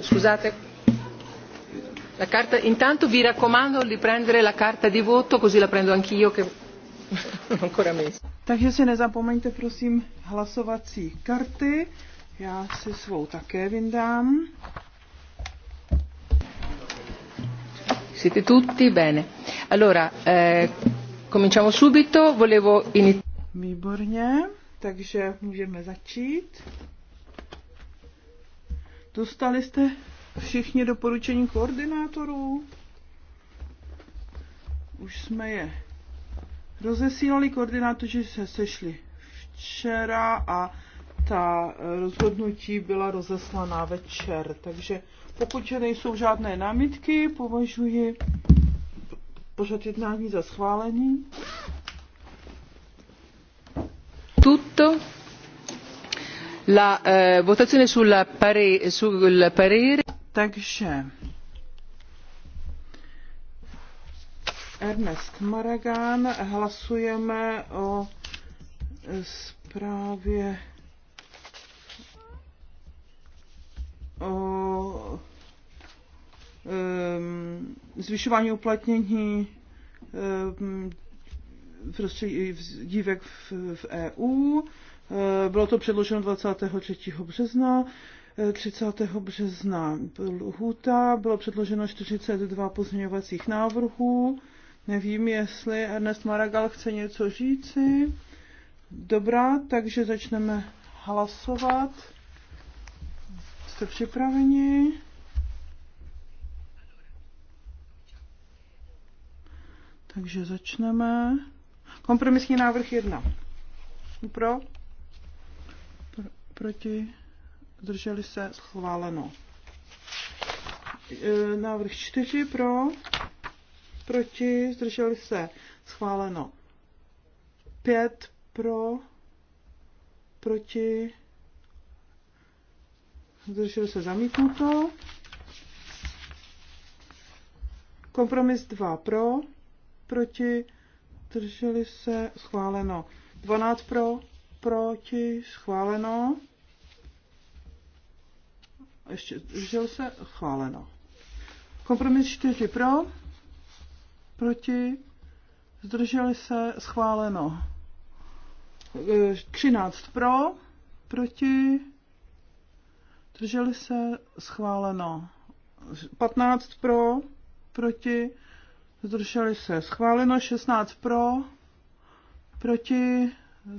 Scusate. La carta, intanto vi raccomando di prendere la carta di voto, così la prendo anch'io che non ancora Takže si nezapomeňte prosím hlasovací karty. Já si svou také vyndám. Siete tutti bene. Allora, eh, cominciamo subito. Volevo iniziare. Výborně, takže můžeme začít. Dostali jste všichni doporučení koordinátorů? Už jsme je rozesílali, koordinátoři se sešli včera a ta rozhodnutí byla rozeslaná večer. Takže pokud nejsou žádné námitky, považuji pořad jednání za schválený. Tuto la eh, votazione sul parere. Ernest Maragán, hlasujeme o zprávě o zvyšování uplatnění prostředí dívek v EU. Eh, bylo to předloženo 23. března. 30. Eh, března lhůta, bylo předloženo 42 pozměňovacích návrhů. Nevím, jestli Ernest Maragal chce něco říci. Dobrá, takže začneme hlasovat. Jste připraveni? Takže začneme. Kompromisní návrh 1. Pro? proti, zdrželi se, schváleno. E, návrh 4 pro, proti, zdrželi se, schváleno. 5 pro, proti, zdrželi se, zamítnuto. Kompromis 2 pro, proti, zdrželi se, schváleno. 12 pro, proti, schváleno ještě zdržel se, chváleno. Kompromis 4 pro, proti, zdrželi se, schváleno. 13 e, pro, proti, zdrželi se, schváleno. 15 pro, proti, zdrželi se, schváleno. 16 pro, proti,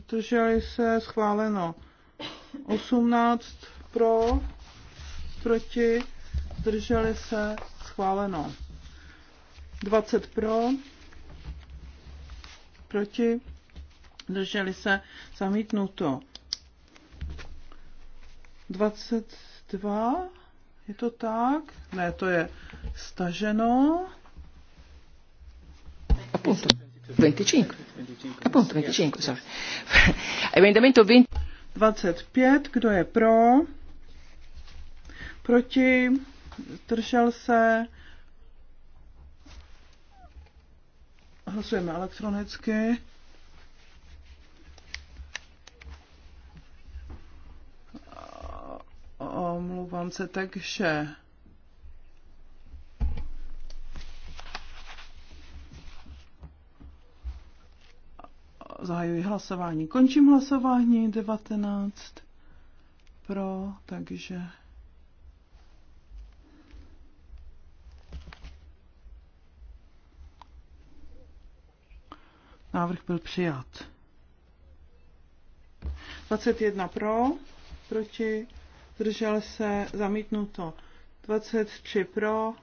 zdrželi se, schváleno. 18 pro, proti, zdrželi se, schváleno. 20 pro, proti, zdrželi se, zamítnuto. 22, je to tak? Ne, to je staženo. Appunto. 25. Appunto, 25, sorry. Emendamento 20. 25, kdo je pro? proti, zdržel se, hlasujeme elektronicky. Omlouvám se, takže zahajuji hlasování. Končím hlasování 19 pro, takže Návrh byl přijat. 21 pro, proti, držel se, zamítnuto. 23 pro,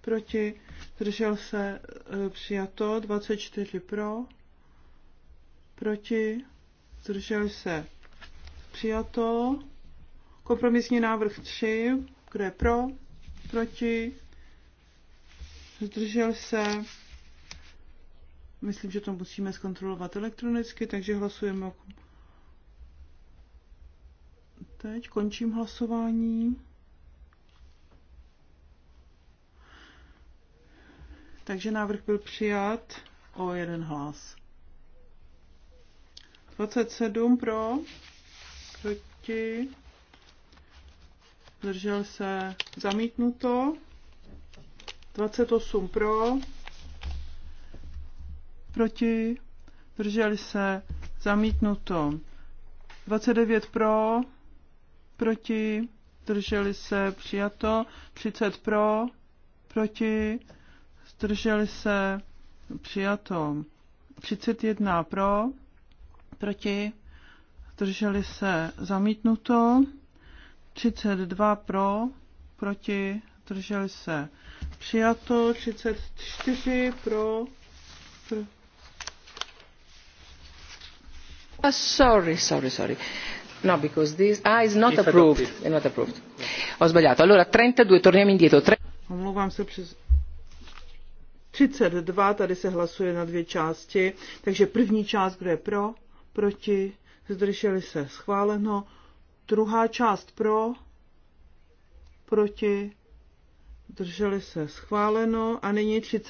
proti, držel se, e, přijato. 24 pro, proti, držel se, přijato. Kompromisní návrh 3, kdo je pro, proti, zdržel se, Myslím, že to musíme zkontrolovat elektronicky, takže hlasujeme. Teď končím hlasování. Takže návrh byl přijat o jeden hlas. 27 pro, proti, zdržel se zamítnuto, 28 pro, proti, drželi se, zamítnuto. 29 pro, proti, drželi se, přijato. 30 pro, proti, zdrželi se, přijato. 31 pro, proti, zdrželi se, zamítnuto. 32 pro, proti, zdrželi se, přijato. 34 pro, pro Uh, sorry, sorry, sorry. No, because this ah, is not If approved. Adopted. Not approved. Ho sbagliato. Allora 32 torniamo indietro. Tre... Omlouvám se přes 32, tady se hlasuje na dvě části. Takže první část, kdo je pro, proti, zdrželi se, schváleno. Druhá část pro, proti, zdrželi se, schváleno. A nyní Tři.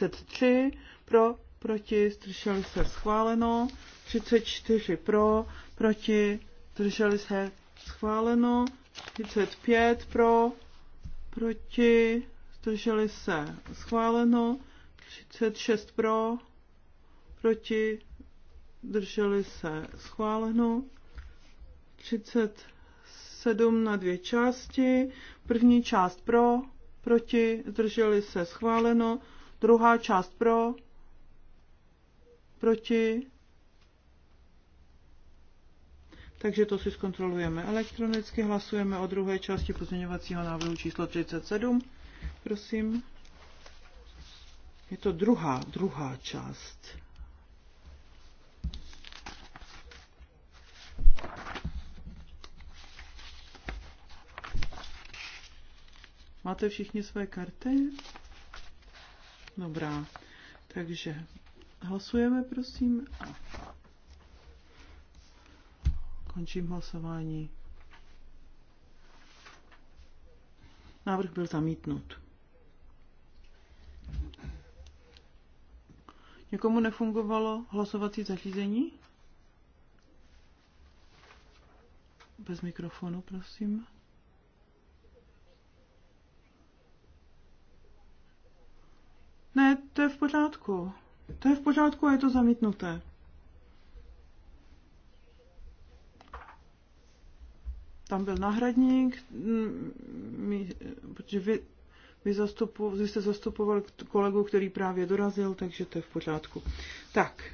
pro, proti, zdrželi se, schváleno. 34 pro, proti, Drželi se, schváleno. 35 pro, proti, zdrželi se, schváleno. 36 pro, proti, drželi se, schváleno. 37 na dvě části. První část pro, proti, zdrželi se, schváleno. Druhá část pro, proti, takže to si zkontrolujeme elektronicky. Hlasujeme o druhé části pozměňovacího návrhu číslo 37. Prosím. Je to druhá, druhá část. Máte všichni své karty? Dobrá. Takže hlasujeme, prosím. A Končím hlasování. Návrh byl zamítnut. Někomu nefungovalo hlasovací zařízení? Bez mikrofonu, prosím. Ne, to je v pořádku. To je v pořádku a je to zamítnuté. tam byl náhradník, mm, my, protože vy, vy, zastupu, vy jste zastupoval kolegu, který právě dorazil, takže to je v pořádku. Tak.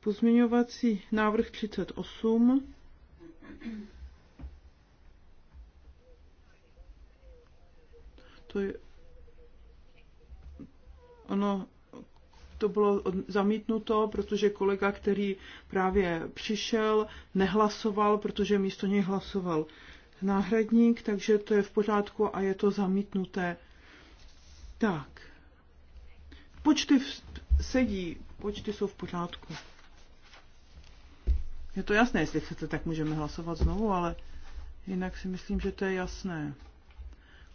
Pozměňovací návrh 38. To je... Ono to bylo zamítnuto, protože kolega, který právě přišel, nehlasoval, protože místo něj hlasoval náhradník, takže to je v pořádku a je to zamítnuté. Tak. Počty v, sedí, počty jsou v pořádku. Je to jasné, jestli chcete, tak můžeme hlasovat znovu, ale jinak si myslím, že to je jasné.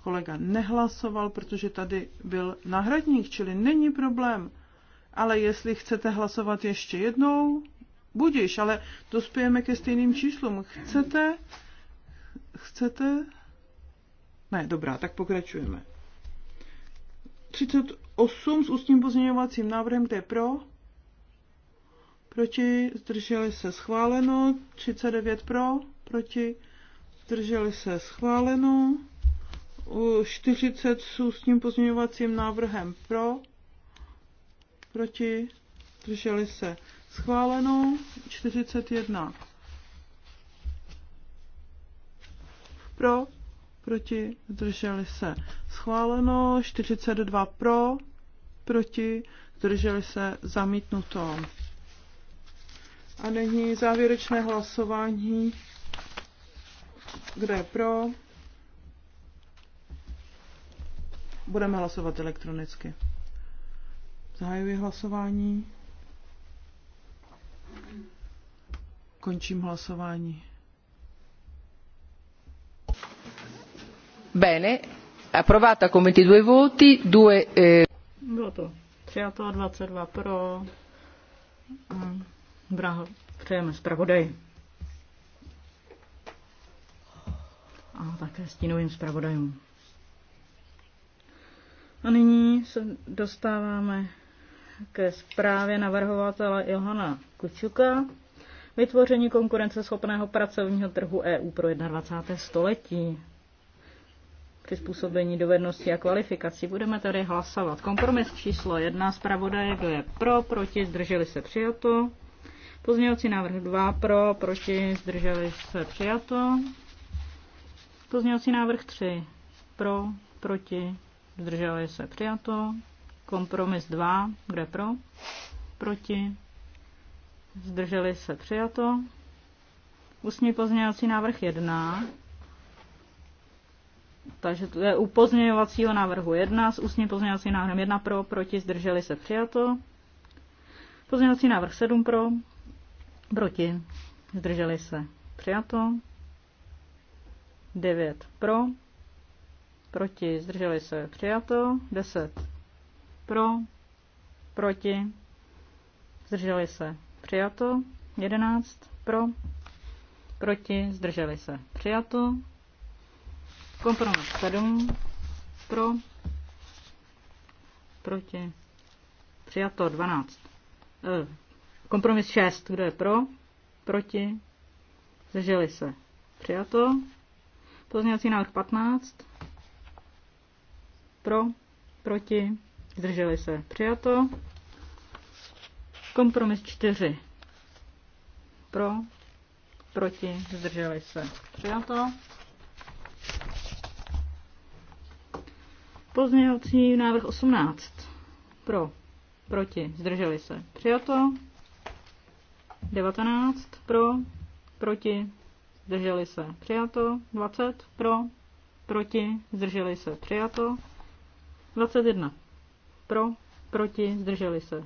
Kolega nehlasoval, protože tady byl náhradník, čili není problém ale jestli chcete hlasovat ještě jednou, budíš, ale dospějeme ke stejným číslům. Chcete? Chcete? Ne, dobrá, tak pokračujeme. 38 s ústním pozměňovacím návrhem, to je pro. Proti, zdrželi se schváleno. 39 pro, proti, zdrželi se schváleno. 40 s ústním pozměňovacím návrhem pro, proti, drželi se schváleno, 41 pro, proti, zdrželi se schváleno, 42 pro, proti, zdrželi se zamítnuto. A není závěrečné hlasování, kde je pro. Budeme hlasovat elektronicky. Zahajuji hlasování. Končím hlasování. Bene, approvata ti due voti, due... Eh... Bylo to přijato 22 pro. Braho, přejeme zpravodaj. A také stínovým zpravodajům. A nyní se dostáváme ke zprávě navrhovatele Johana Kučuka vytvoření konkurenceschopného pracovního trhu EU pro 21. století. Přizpůsobení dovedností a kvalifikací. Budeme tady hlasovat. Kompromis číslo 1 zpravodaje, kdo je pro, proti, zdrželi se přijato. Pozměňovací návrh 2 pro, proti, zdrželi se přijato. Pozměňovací návrh 3 pro, proti, zdrželi se přijato. Kompromis 2, kde pro? Proti? Zdrželi se přijato. Ústní pozměňovací návrh 1. Takže to je u pozměňovacího návrhu 1 s ústním pozměňovacím návrhem 1 pro, proti, zdrželi se přijato. Pozměňovací návrh 7 pro, proti, zdrželi se přijato. 9 pro, proti, zdrželi se přijato. 10 pro, proti, zdrželi se, přijato, 11 pro, proti, zdrželi se, přijato, kompromis 7 pro, proti, přijato 12, eh, kompromis 6, kdo je pro, proti, zdrželi se, přijato, pozměňovací návrh 15 pro, proti, zdrželi se, přijato. Kompromis 4 pro, proti, zdrželi se, přijato. Pozměňovací návrh 18 pro, proti, zdrželi se, přijato. 19 pro, proti, zdrželi se, přijato. 20 pro, proti, zdrželi se, přijato. 21 pro, proti, zdrželi se.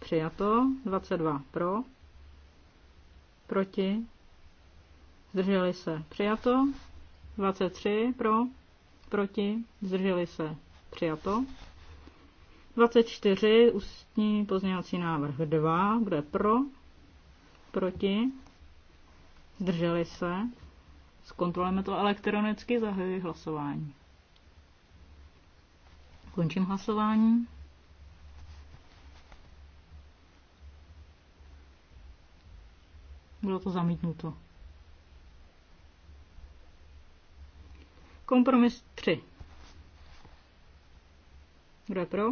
Přijato. 22 pro, proti, zdrželi se. Přijato. 23 pro, proti, zdrželi se. Přijato. 24 ústní pozměňovací návrh 2, kdo je pro, proti, zdrželi se. Zkontrolujeme to elektronicky, zahajuji hlasování. Končím hlasování. Bylo to zamítnuto. Kompromis 3. Kdo je pro?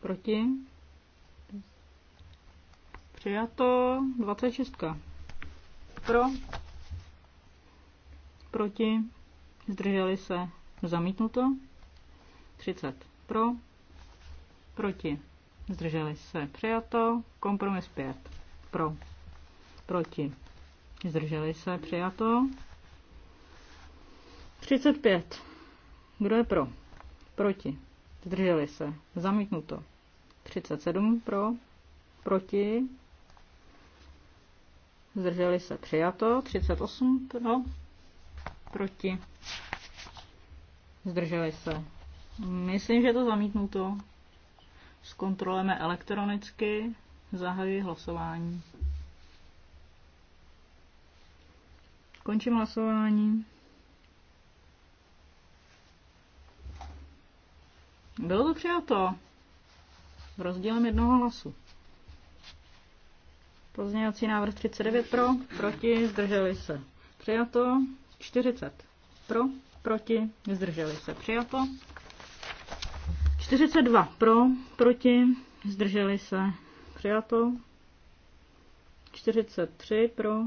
Proti? Přijato 26. Pro? Proti? Zdrželi se? Zamítnuto? 30 pro, proti, zdrželi se přijato, kompromis 5 pro, proti, zdrželi se přijato, 35, kdo je pro, proti, zdrželi se, zamítnuto, 37 pro, proti, zdrželi se přijato, 38 pro, proti, zdrželi se Myslím, že to zamítnuto. Zkontrolujeme elektronicky. Zahajuji hlasování. Končím hlasování. Bylo to přijato. Rozdílem jednoho hlasu. Pozměňovací návrh 39 pro, proti, zdrželi se. Přijato. 40 pro, proti, zdrželi se. Přijato. 42 pro, proti, zdrželi se, přijato. 43 pro,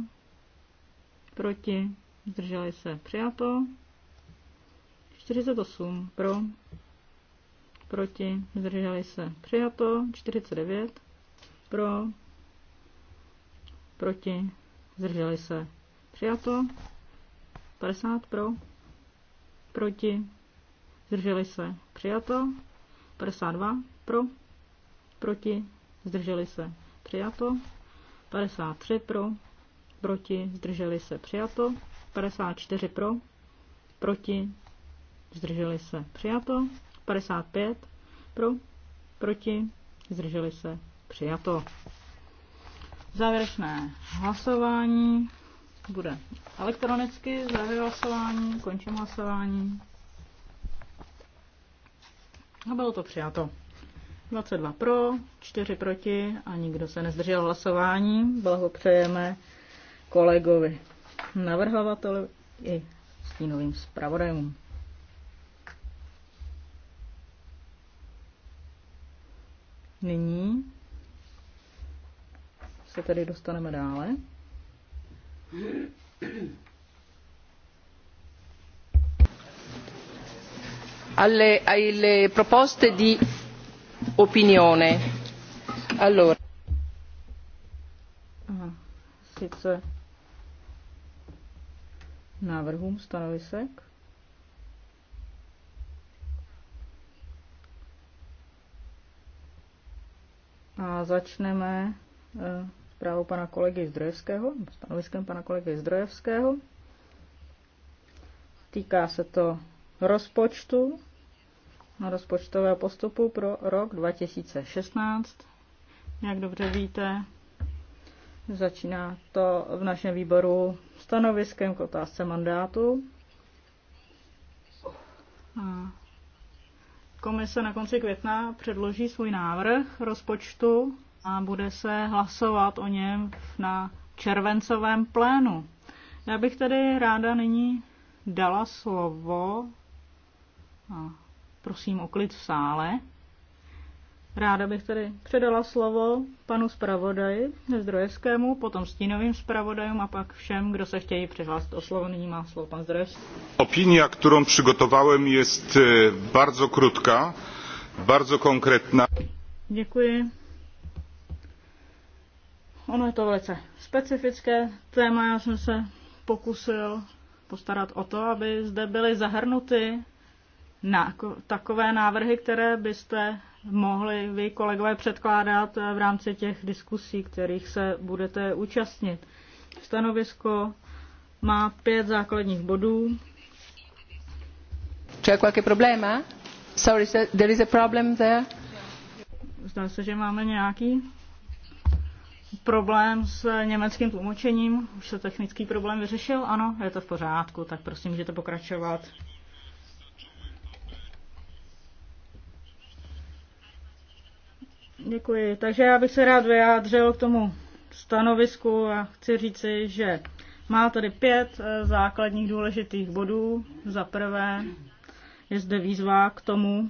proti, zdrželi se, přijato. 48 pro, proti, zdrželi se, přijato. 49 pro, proti, zdrželi se, přijato. 50 pro, proti, zdrželi se, přijato. 52 pro, proti, zdrželi se, přijato. 53 pro, proti, zdrželi se, přijato. 54 pro, proti, zdrželi se, přijato. 55 pro, proti, zdrželi se, přijato. Závěrečné hlasování bude elektronicky, závěr hlasování, končím hlasování. A bylo to přijato. 22 pro, 4 proti a nikdo se nezdržel hlasování. Blahopřejeme kolegovi navrhovateli i stínovým zpravodajům. Nyní se tedy dostaneme dále. alle, alle proposte di opinione. návrhům stanovisek. A začneme eh, zprávou pana kolegy Zdrojevského, stanoviskem pana kolegy Zdrojevského. Týká se to rozpočtu a rozpočtového postupu pro rok 2016. Jak dobře víte, začíná to v našem výboru stanoviskem k otázce mandátu. A komise na konci května předloží svůj návrh rozpočtu a bude se hlasovat o něm na červencovém plénu. Já bych tedy ráda nyní dala slovo a prosím o klid v sále. Ráda bych tedy předala slovo panu zpravodaji Zdrojevskému, potom stínovým zpravodajům a pak všem, kdo se chtějí přihlásit o slovo. Nyní má slovo pan Zdrojevský. Opinia, kterou přigotowałem, je e, bardzo krótka, bardzo konkrétna. Děkuji. Ono je to velice specifické téma. Já jsem se pokusil postarat o to, aby zde byly zahrnuty na takové návrhy, které byste mohli vy, kolegové, předkládat eh, v rámci těch diskusí, kterých se budete účastnit. Stanovisko má pět základních bodů. C'è qualche problema? Sorry, there is a problem there. Zdá se, že máme nějaký problém s německým tlumočením. Už se technický problém vyřešil? Ano, je to v pořádku, tak prosím, můžete pokračovat. Děkuji. Takže já bych se rád vyjádřil k tomu stanovisku a chci říci, že má tady pět eh, základních důležitých bodů. Za prvé je zde výzva k tomu,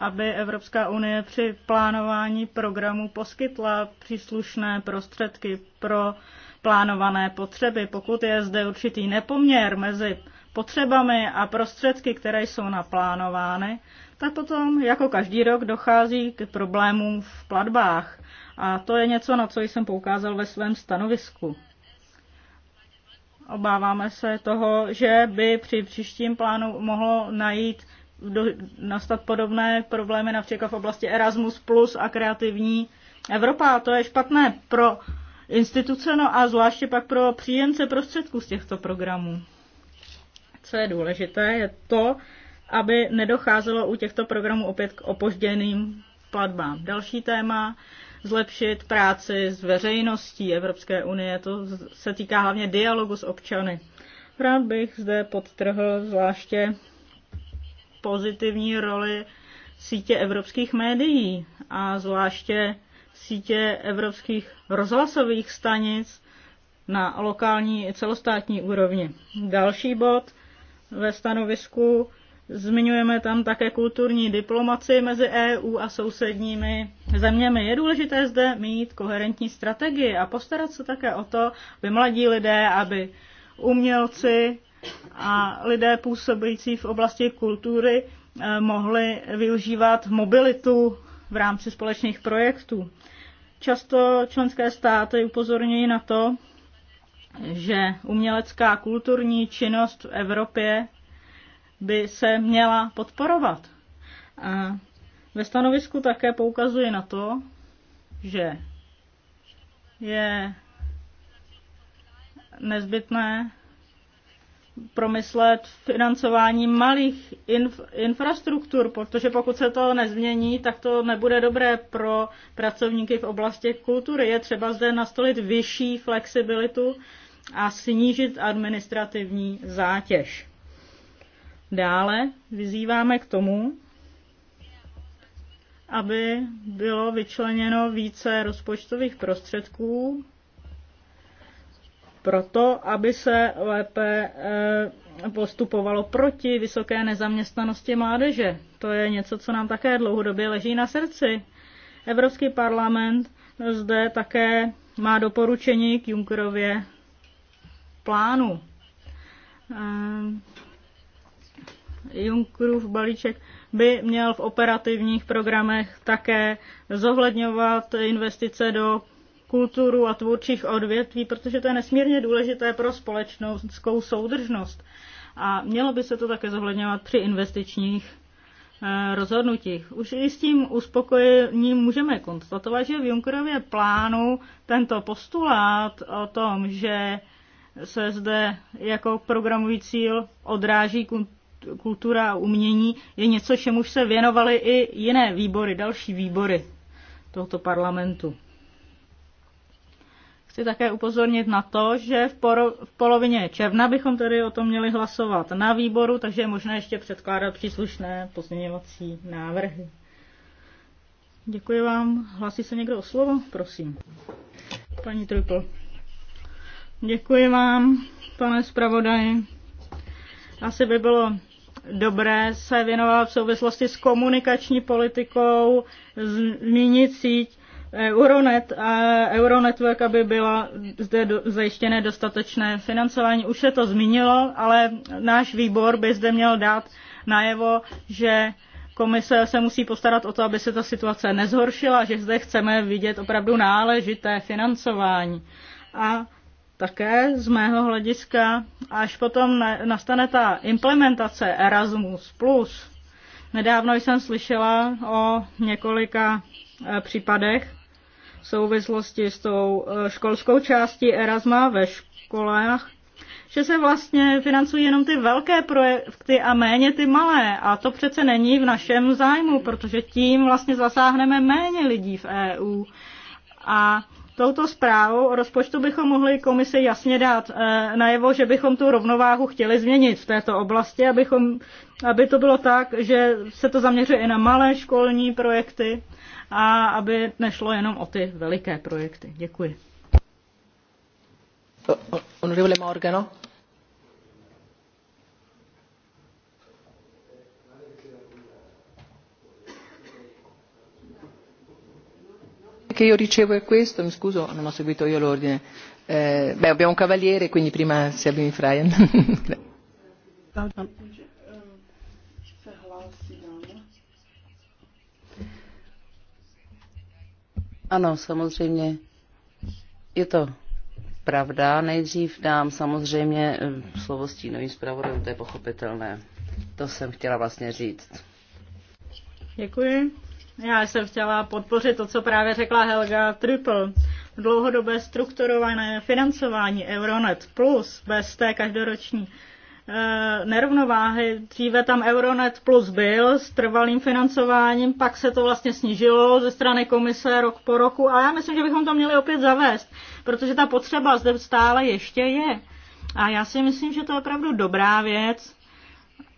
aby Evropská unie při plánování programu poskytla příslušné prostředky pro plánované potřeby. Pokud je zde určitý nepoměr mezi potřebami a prostředky, které jsou naplánovány, tak potom jako každý rok dochází k problémům v platbách. A to je něco, na co jsem poukázal ve svém stanovisku. Obáváme se toho, že by při příštím plánu mohlo najít do, nastat podobné problémy například v oblasti Erasmus plus a kreativní Evropa. A to je špatné pro instituce, no a zvláště pak pro příjemce prostředků z těchto programů. Co je důležité, je to, aby nedocházelo u těchto programů opět k opožděným platbám. Další téma zlepšit práci s veřejností Evropské unie. To se týká hlavně dialogu s občany. Rád bych zde podtrhl zvláště pozitivní roli sítě evropských médií a zvláště sítě evropských rozhlasových stanic na lokální i celostátní úrovni. Další bod ve stanovisku Zmiňujeme tam také kulturní diplomaci mezi EU a sousedními zeměmi. Je důležité zde mít koherentní strategii a postarat se také o to, aby mladí lidé, aby umělci a lidé působící v oblasti kultury eh, mohli využívat mobilitu v rámci společných projektů. Často členské státy upozorňují na to, že umělecká kulturní činnost v Evropě by se měla podporovat. A ve stanovisku také poukazuje na to, že je nezbytné promyslet financování malých inf- infrastruktur, protože pokud se to nezmění, tak to nebude dobré pro pracovníky v oblasti kultury. Je třeba zde nastolit vyšší flexibilitu a snížit administrativní zátěž. Dále vyzýváme k tomu, aby bylo vyčleněno více rozpočtových prostředků proto, aby se lépe eh, postupovalo proti vysoké nezaměstnanosti mládeže. To je něco, co nám také dlouhodobě leží na srdci. Evropský parlament zde také má doporučení k Junckerově plánu. Eh, Junckerův balíček by měl v operativních programech také zohledňovat investice do kulturu a tvůrčích odvětví, protože to je nesmírně důležité pro společnou soudržnost. A mělo by se to také zohledňovat při investičních eh, rozhodnutích. Už i s tím uspokojením můžeme konstatovat, že v Junckerově plánu tento postulát o tom, že se zde jako programový cíl odráží kultura a umění je něco, čemu se věnovaly i jiné výbory, další výbory tohoto parlamentu. Chci také upozornit na to, že v, poro- v polovině června bychom tedy o tom měli hlasovat na výboru, takže je možné ještě předkládat příslušné pozměňovací návrhy. Děkuji vám. Hlasí se někdo o slovo? Prosím. Paní Trupl. Děkuji vám, pane zpravodaji. Asi by bylo dobré se věnovala v souvislosti s komunikační politikou, zmínit síť eh, Euronet a Euronetwork, aby byla zde zajištěné dostatečné financování. Už se to zmínilo, ale náš výbor by zde měl dát najevo, že komise se musí postarat o to, aby se ta situace nezhoršila, že zde chceme vidět opravdu náležité financování. A také z mého hlediska. Až potom nastane ta implementace Erasmus+. Nedávno jsem slyšela o několika eh, případech v souvislosti s tou eh, školskou částí Erasma ve školách, že se vlastně financují jenom ty velké projekty a méně ty malé. A to přece není v našem zájmu, protože tím vlastně zasáhneme méně lidí v EU. A Touto zprávou o rozpočtu bychom mohli komisi jasně dát eh, najevo, že bychom tu rovnováhu chtěli změnit v této oblasti, abychom, aby to bylo tak, že se to zaměřuje i na malé školní projekty a aby nešlo jenom o ty veliké projekty. Děkuji. Honorable Morgano. che io ricevo è questo mi scuso non ho seguito io l'ordine eh, beh abbiamo un cavaliere quindi prima Sabine Frayan Ano, samozřejmě je to pravda. Nejdřív dám samozřejmě eh, slovo stínovým zpravodajům, to je pochopitelné. To jsem chtěla vlastně říct. Děkuji. Já jsem chtěla podpořit to, co právě řekla Helga Triple. Dlouhodobé strukturované financování Euronet Plus bez té každoroční eh, nerovnováhy. Dříve tam Euronet Plus byl s trvalým financováním, pak se to vlastně snížilo ze strany komise rok po roku a já myslím, že bychom to měli opět zavést, protože ta potřeba zde stále ještě je. A já si myslím, že to je opravdu dobrá věc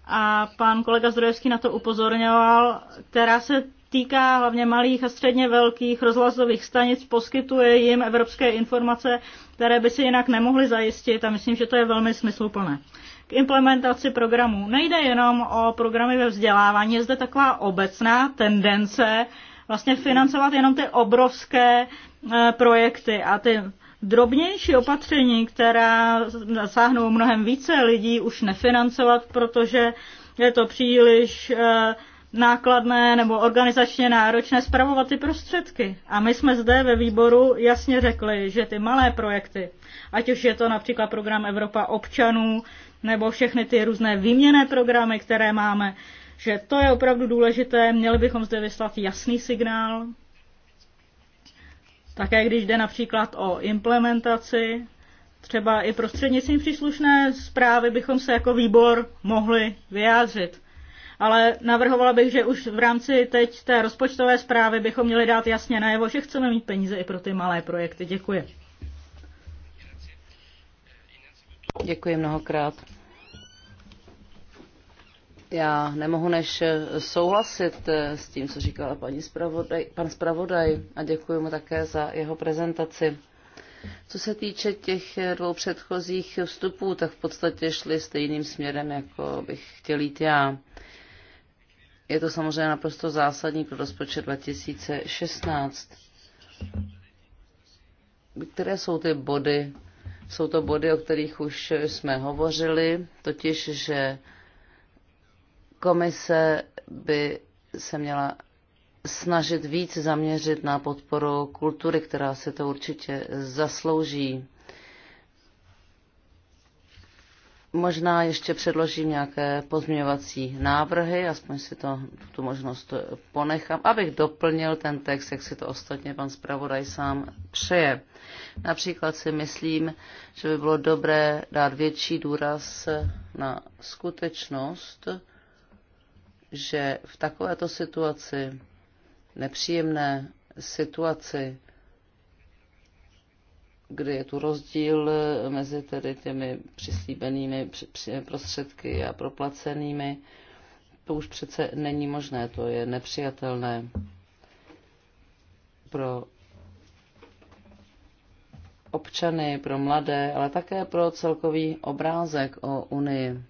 a pan kolega Zdrojevský na to upozorňoval, která se týká hlavně malých a středně velkých rozhlasových stanic, poskytuje jim evropské informace, které by si jinak nemohly zajistit a myslím, že to je velmi smysluplné. K implementaci programů. Nejde jenom o programy ve vzdělávání, je zde taková obecná tendence vlastně financovat jenom ty obrovské eh, projekty a ty drobnější opatření, která zasáhnou mnohem více lidí, už nefinancovat, protože je to příliš eh, nákladné nebo organizačně náročné spravovat ty prostředky. A my jsme zde ve výboru jasně řekli, že ty malé projekty, ať už je to například program Evropa občanů, nebo všechny ty různé výměné programy, které máme, že to je opravdu důležité, měli bychom zde vyslat jasný signál. Také když jde například o implementaci, třeba i prostřednictvím příslušné zprávy bychom se jako výbor mohli vyjádřit ale navrhovala bych, že už v rámci teď té rozpočtové zprávy bychom měli dát jasně najevo, že chceme mít peníze i pro ty malé projekty. Děkuji. Děkuji mnohokrát. Já nemohu než souhlasit eh, s tím, co říkala paní spravodaj, pan zpravodaj a děkuji mu také za jeho prezentaci. Co se týče těch eh, dvou předchozích vstupů, tak v podstatě šli stejným směrem, jako bych chtěl jít já. Je to samozřejmě naprosto zásadní pro rozpočet 2016. Které jsou ty body? Jsou to body, o kterých už jsme hovořili, totiž, že komise by se měla snažit víc zaměřit na podporu kultury, která se to určitě zaslouží. Možná ještě předložím nějaké pozměňovací návrhy, aspoň si to, tu možnost ponechám, abych doplnil ten text, jak si to ostatně pan zpravodaj sám přeje. Například si myslím, že by bylo dobré dát větší důraz na skutečnost, že v takovéto situaci, nepříjemné situaci, kde je tu rozdíl eh, mezi tedy těmi přislíbenými prostředky a proplacenými. To už přece není možné, to je nepřijatelné pro občany, pro mladé, ale také pro celkový obrázek o Unii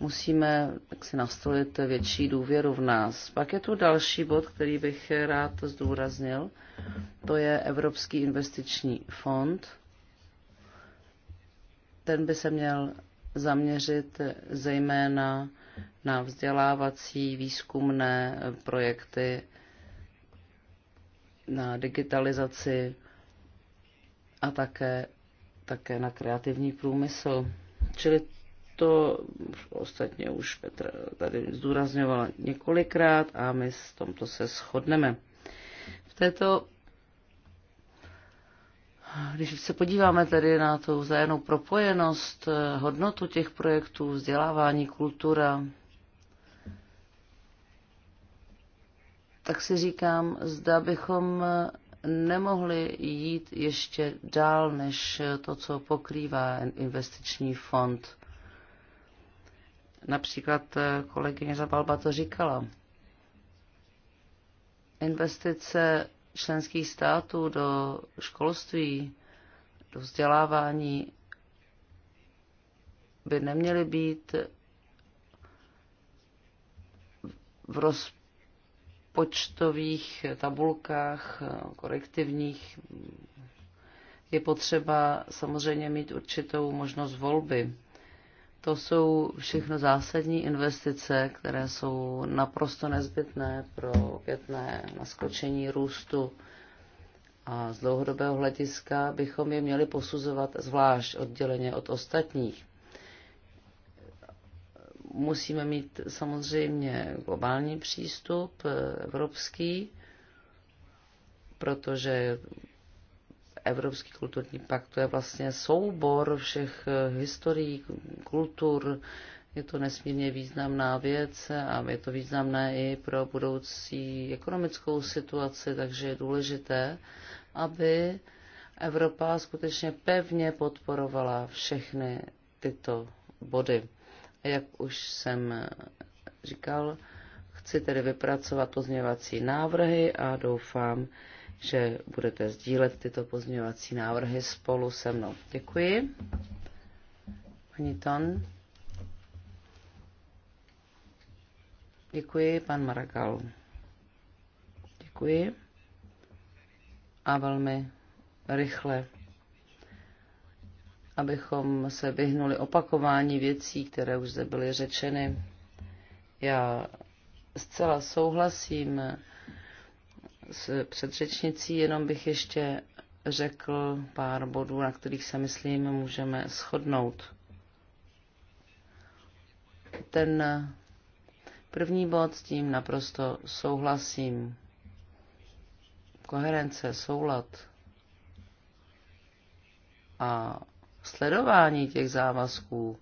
musíme tak si nastolit větší důvěru v nás. Pak je tu další bod, který bych rád zdůraznil. To je Evropský investiční fond. Ten by se měl zaměřit zejména na vzdělávací výzkumné projekty, na digitalizaci a také, také na kreativní průmysl. Čili to ostatně už Petr tady zdůrazňoval několikrát a my s tomto se shodneme. V této když se podíváme tedy na tu vzájemnou propojenost, eh, hodnotu těch projektů, vzdělávání, kultura, tak si říkám, zda bychom eh, nemohli jít ještě dál než to, co pokrývá investiční fond. Například eh, kolegyně Zabalba to říkala. Investice členských států do školství, do vzdělávání by neměly být v rozpočtových tabulkách korektivních. Je potřeba samozřejmě mít určitou možnost volby. To jsou všechno zásadní investice, které jsou naprosto nezbytné pro opětné naskočení růstu. A z dlouhodobého hlediska bychom je měli posuzovat zvlášť odděleně od ostatních. Musíme mít samozřejmě globální přístup, eh, evropský, protože Evropský kulturní pakt, to je vlastně soubor všech eh, historií, kultur, je to nesmírně významná věc a je to významné i pro budoucí ekonomickou situaci, takže je důležité, aby Evropa skutečně pevně podporovala všechny tyto body. A jak už jsem eh, říkal, chci tedy vypracovat pozměvací návrhy a doufám, že budete sdílet tyto pozměňovací návrhy spolu se mnou. Děkuji. Paní Ton. Děkuji, pan Marakal. Děkuji. A velmi rychle, abychom se vyhnuli opakování věcí, které už zde byly řečeny. Já zcela souhlasím s předřečnicí, jenom bych ještě řekl pár bodů, na kterých se myslím můžeme shodnout. Ten první bod s tím naprosto souhlasím. Koherence, soulad a sledování těch závazků,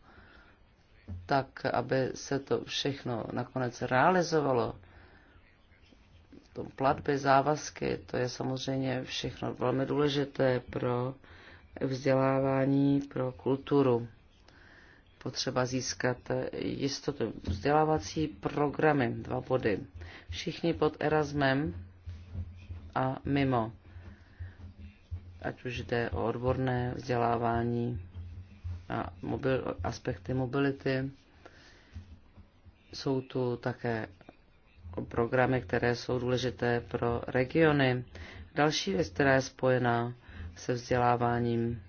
tak aby se to všechno nakonec realizovalo, tom platby, závazky, to je samozřejmě všechno velmi důležité pro vzdělávání, pro kulturu. Potřeba získat jistotu. Vzdělávací programy, dva body. Všichni pod Erasmem a mimo. Ať už jde o odborné vzdělávání a mobil, aspekty mobility. Jsou tu také programy, které jsou důležité pro regiony. Další věc, která je spojená se vzděláváním,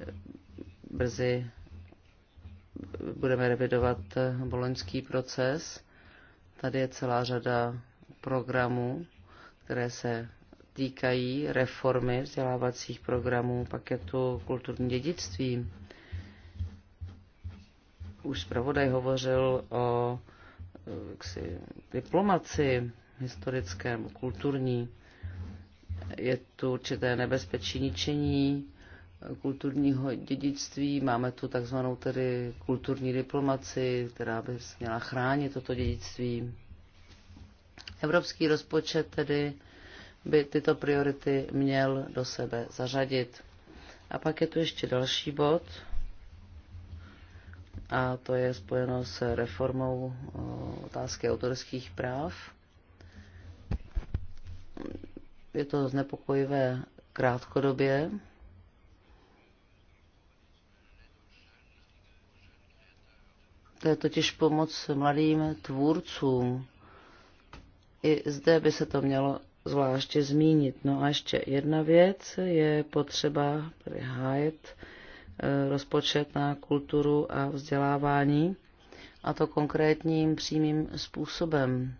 eh, brzy budeme revidovat eh, boloňský proces. Tady je celá řada programů, které se týkají reformy vzdělávacích programů, pak je tu kulturní dědictví. Už zpravodaj hovořil o jaksi, diplomaci nebo kulturní. Je tu určité nebezpečí ničení kulturního dědictví. Máme tu takzvanou tedy kulturní diplomaci, která by měla chránit toto dědictví. Evropský rozpočet tedy by tyto priority měl do sebe zařadit. A pak je tu ještě další bod, a to je spojeno s reformou eh, otázky autorských práv. Je to znepokojivé krátkodobě, To je totiž pomoc mladým tvůrcům. I zde by se to mělo zvláště zmínit. No a ještě jedna věc je potřeba hájet Eh, rozpočet na kulturu a vzdělávání, a to konkrétním přímým způsobem.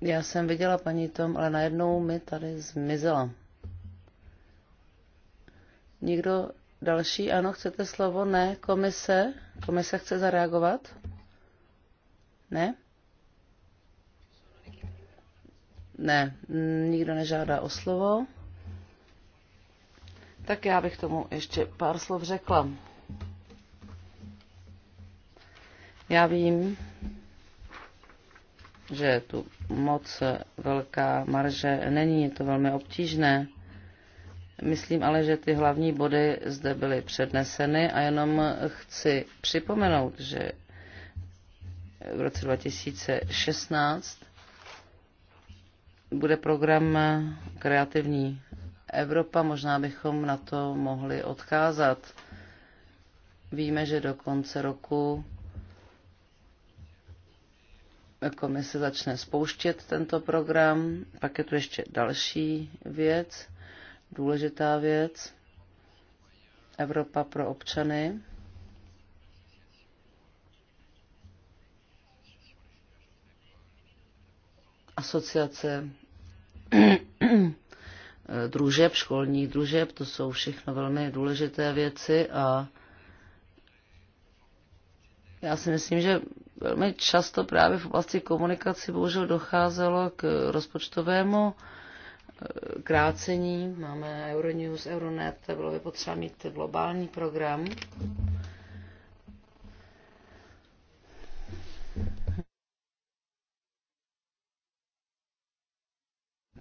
Já jsem viděla paní Tom, ale najednou mi tady zmizela. Nikdo další? Ano, chcete slovo? Ne. Komise? Komise chce zareagovat? Ne? Ne, nikdo nežádá o slovo. Tak já bych tomu ještě pár slov řekla. Já vím, že je tu moc velká marže není, je to velmi obtížné. Myslím ale, že ty hlavní body zde byly předneseny a jenom chci připomenout, že v roce 2016 bude program Kreativní Evropa, možná bychom na to mohli odkázat. Víme, že do konce roku komise začne spouštět tento program. Pak je tu ještě další věc, důležitá věc. Evropa pro občany. asociace družeb, školních družeb, to jsou všechno velmi důležité věci a já si myslím, že velmi často právě v oblasti komunikaci bohužel docházelo k rozpočtovému eh, krácení. Máme Euronews, Euronet, bylo by potřeba mít globální program.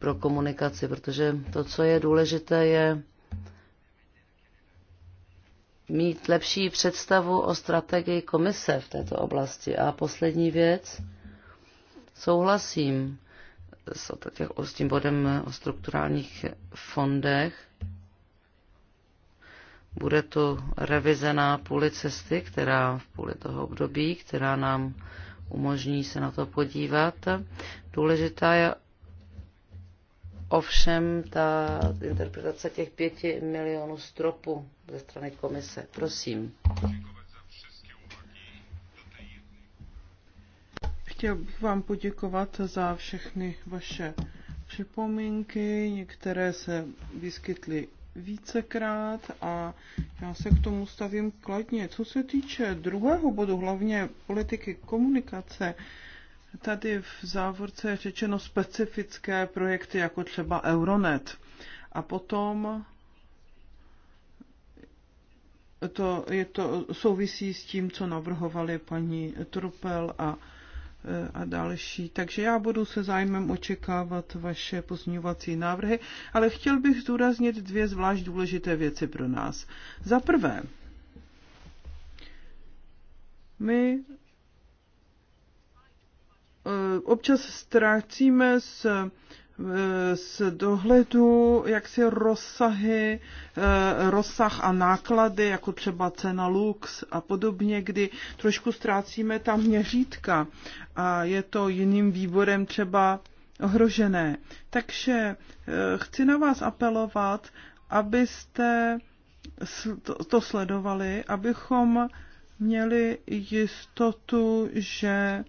pro komunikaci, protože to, co je důležité, je mít lepší představu o strategii komise v této oblasti. A poslední věc, souhlasím s, tím bodem o strukturálních fondech. Bude tu revize na půli cesty, která v půli toho období, která nám umožní se na to podívat. Důležitá je Ovšem ta interpretace těch pěti milionů stropu ze strany komise. Prosím. Chtěl bych vám poděkovat za všechny vaše připomínky. Některé se vyskytly vícekrát a já se k tomu stavím kladně. Co se týče druhého bodu, hlavně politiky komunikace, tady v závorce je řečeno specifické projekty, jako třeba Euronet. A potom to, je to souvisí s tím, co navrhovali paní Trupel a, a další. Takže já budu se zájmem očekávat vaše pozměňovací návrhy, ale chtěl bych zdůraznit dvě zvlášť důležité věci pro nás. Za prvé, my Eh, občas ztrácíme z, eh, z dohledu si rozsahy, eh, rozsah a náklady, jako třeba cena lux a podobně, kdy trošku ztrácíme ta měřítka a je to jiným výborem třeba ohrožené. Takže chci na vás apelovat, abyste to sledovali, abychom měli jistotu, že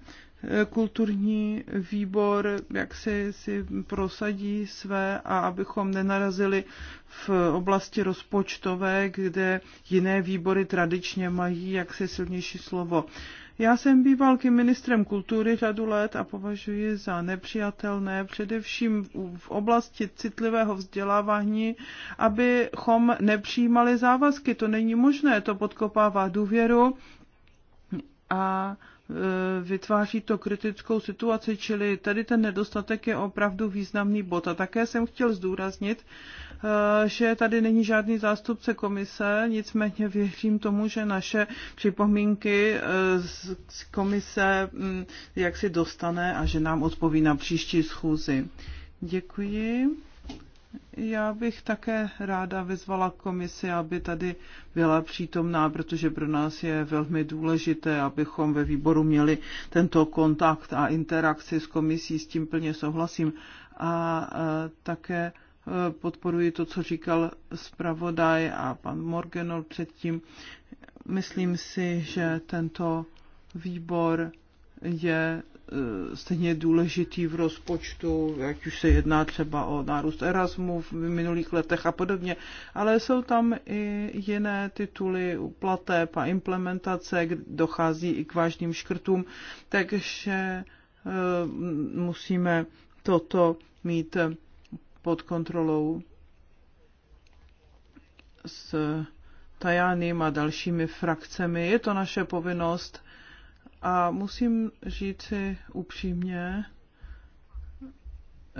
kulturní výbor jak si, si prosadí své a abychom nenarazili v oblasti rozpočtové, kde jiné výbory tradičně mají jak se silnější slovo. Já jsem býval ministrem kultury řadu let a považuji za nepřijatelné, především v oblasti citlivého vzdělávání, abychom nepřijímali závazky. To není možné, to podkopává důvěru a E, vytváří to kritickou situaci, čili tady ten nedostatek je opravdu významný bod. A také jsem chtěl zdůraznit, e, že tady není žádný zástupce komise, nicméně věřím tomu, že naše připomínky e, z komise jak si dostane a že nám odpoví na příští schůzi. Děkuji. Já bych také ráda vyzvala komisi, aby tady byla přítomná, protože pro nás je velmi důležité, abychom ve výboru měli tento kontakt a interakci s komisí, s tím plně souhlasím. A také e, podporuji to, co říkal zpravodaj a pan Morgenol předtím. Myslím si, že tento výbor je E, stejně důležitý v rozpočtu, jak už se jedná třeba o nárůst Erasmu v minulých letech a podobně, ale jsou tam i jiné tituly plateb a implementace, kde dochází i k vážným škrtům, takže e, musíme toto mít pod kontrolou s Tajánem a dalšími frakcemi. Je to naše povinnost a musím si upřímně,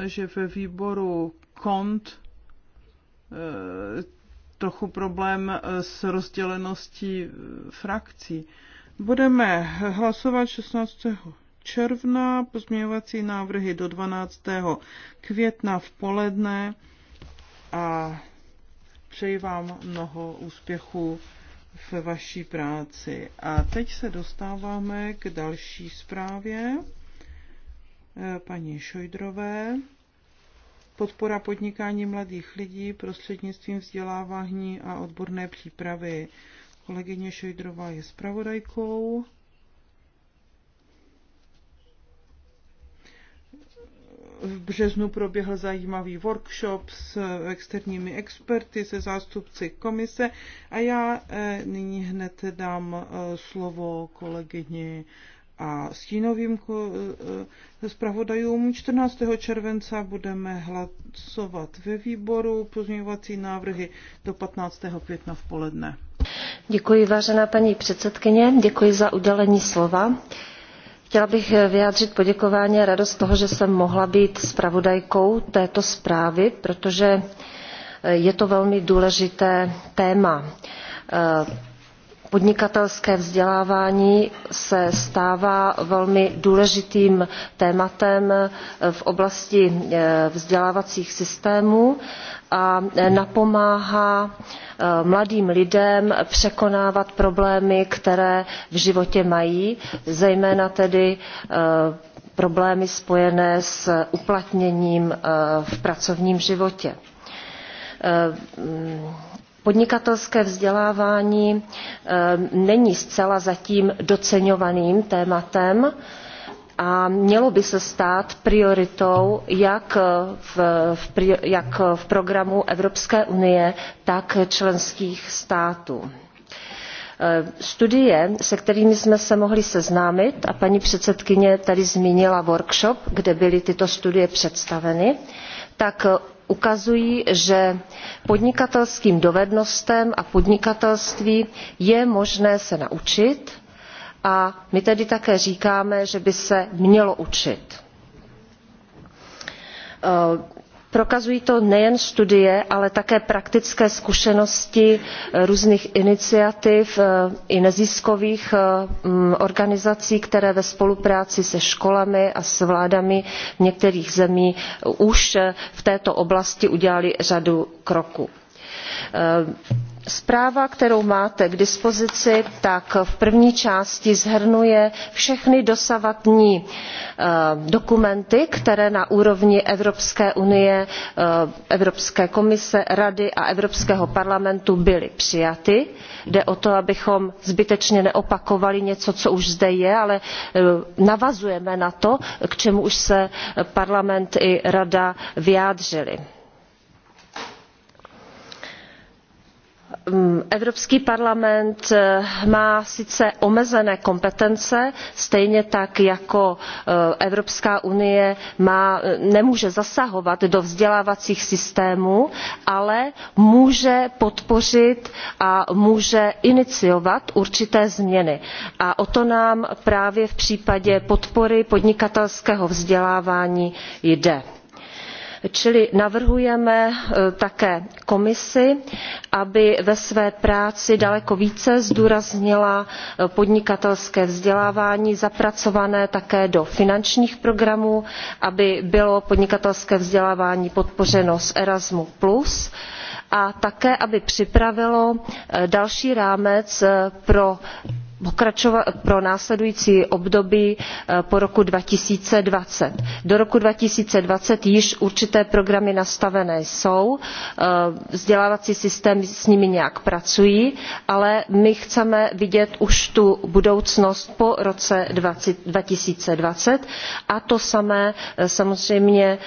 že ve výboru KONT eh, trochu problém eh, s rozděleností eh, frakcí. Budeme hlasovat 16. června, pozměňovací návrhy do 12. května v poledne a přeji vám mnoho úspěchů ve vaší práci. A teď se dostáváme k další zprávě eh, paní Šojdrové. Podpora podnikání mladých lidí prostřednictvím vzdělávání a odborné přípravy. Kolegyně Šojdrová je zpravodajkou. v březnu proběhl zajímavý workshop s externími experty, se zástupci komise a já eh, nyní hned dám eh, slovo kolegyni a stínovým eh, zpravodajům. 14. července budeme hlasovat ve výboru pozměňovací návrhy do 15. května v poledne. Děkuji, vážená paní předsedkyně, děkuji za udělení slova. Chtěla bych eh, vyjádřit poděkování a radost z toho, že jsem mohla být zpravodajkou této zprávy, protože eh, je to velmi důležité téma eh, podnikatelské vzdělávání se stává velmi důležitým tématem eh, v oblasti eh, vzdělávacích systémů a eh, napomáhá mladým lidem překonávat problémy které v životě mají zejména tedy problémy spojené s uplatněním v pracovním životě mm, podnikatelské vzdělávání eh, není zcela zatím doceňovaným tématem a mělo by se stát prioritou jak v, jak v programu evropské unie tak členských států eh, studie se kterými jsme se mohli seznámit a paní předsedkyně tady zmínila workshop kde byly tyto studie představeny tak ukazují že podnikatelským dovednostem a podnikatelství je možné se naučit a my tedy také říkáme že by se mělo učit prokazují to nejen studie ale také praktické zkušenosti eh, různých iniciativ eh, i neziskových eh, mm, organizací které ve spolupráci se školami a s vládami některých zemí už v této oblasti udělaly řadu kroků zpráva kterou máte k dispozici tak v první části shrnuje všechny dosavadní eh, dokumenty které na úrovni evropské unie eh, evropské komise rady a evropského parlamentu byly přijaty. jde o to abychom zbytečně neopakovali něco co už zde je ale eh, navazujeme na to k čemu už se parlament i rada vyjádřily Hm, evropský parlament eh, má sice omezené kompetence stejně tak jako eh, evropská unie eh, nemůže zasahovat do vzdělávacích systémů ale může podpořit a může iniciovat určité změny a o to nám právě v případě podpory podnikatelského vzdělávání jde čili navrhujeme e, také komisi aby ve své práci daleko více zdůraznila e, podnikatelské vzdělávání zapracované také do finančních programů aby bylo podnikatelské vzdělávání podpořeno z erasmus a také aby připravilo e, další rámec pro pro následující období eh, po roku. two thousand and twenty do roku two thousand and twenty již určité programy nastavené jsou eh, vzdělávací systémy s nimi nějak pracují ale my chceme vidět už tu budoucnost po roce two thousand and twenty a to samé eh, samozřejmě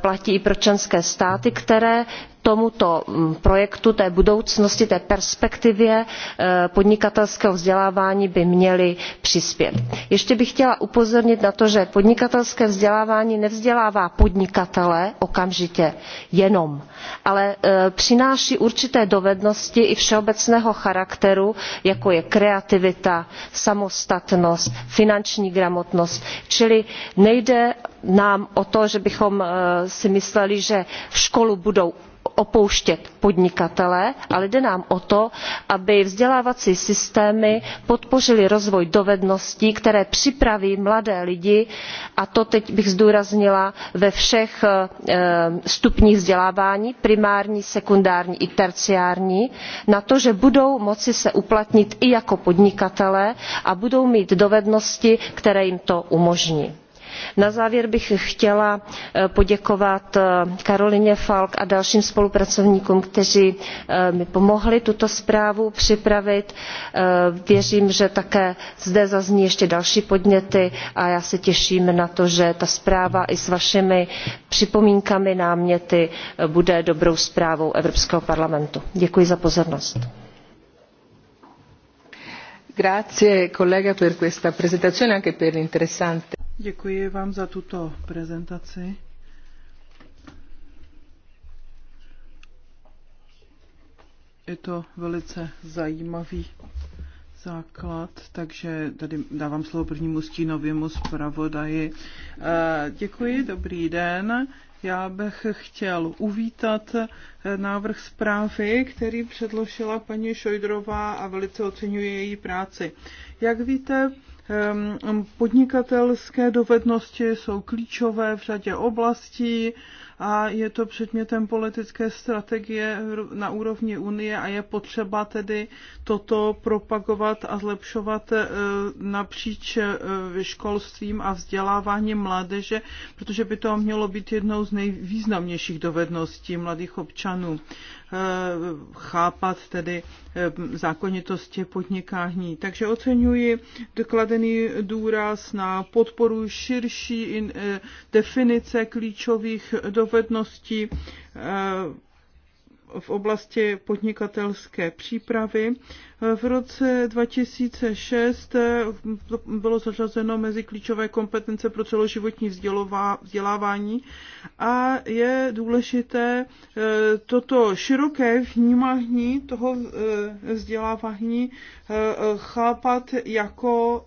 platí i pro členské státy které tomuto mm, projektu té budoucnosti té perspektivě eh, podnikatelského vzdělávání by měly přispět. ještě bych chtěla upozornit na to že podnikatelské vzdělávání nevzdělává podnikatele okamžitě jenom ale eh, přináší určité dovednosti i všeobecného charakteru jako je kreativita samostatnost finanční gramotnost čili nejde nám o to že bychom eh, si mysleli že školu budou opouštět podnikatele ale jde nám o to aby vzdělávací systémy podpořily rozvoj dovedností které připraví mladé lidi a to teď bych zdůraznila ve všech eh, stupních vzdělávání primární sekundární i terciární na to že budou moci se uplatnit i jako podnikatelé a budou mít dovednosti které jim to umožní na závěr bych chtěla eh, poděkovat eh, karolině falk a dalším spolupracovníkům kteří eh, mi pomohli tuto zprávu připravit. věřím že také zde zazní ještě další podněty a já se těším na to že ta zpráva i s vašimi připomínkami náměty bude dobrou zprávou evropského parlamentu. děkuji za pozornost. grazie collega per questa presentazione anche per l'interessante Děkuji vám za tuto prezentaci. Je to velice zajímavý základ, takže tady dávám slovo prvnímu stínovému zpravodaji. Eh, děkuji, dobrý den. Já bych chtěl uvítat eh, návrh zprávy, který předložila paní Šojdrová a velice oceňuji její práci. Jak víte, Podnikatelské dovednosti jsou klíčové v řadě oblastí a je to předmětem politické strategie na úrovni Unie a je potřeba tedy toto propagovat a zlepšovat eh, napříč eh, školstvím a vzděláváním mládeže, protože by to mělo být jednou z nejvýznamnějších dovedností mladých občanů. Eh, chápat tedy eh, zákonitosti podnikání. Takže oceňuji dokladený důraz na podporu širší eh, definice klíčových dovedností v oblasti podnikatelské přípravy. V roce 2006 bylo zařazeno mezi klíčové kompetence pro celoživotní vzdělávání a je důležité e, toto široké vnímání toho e, vzdělávání e, chápat jako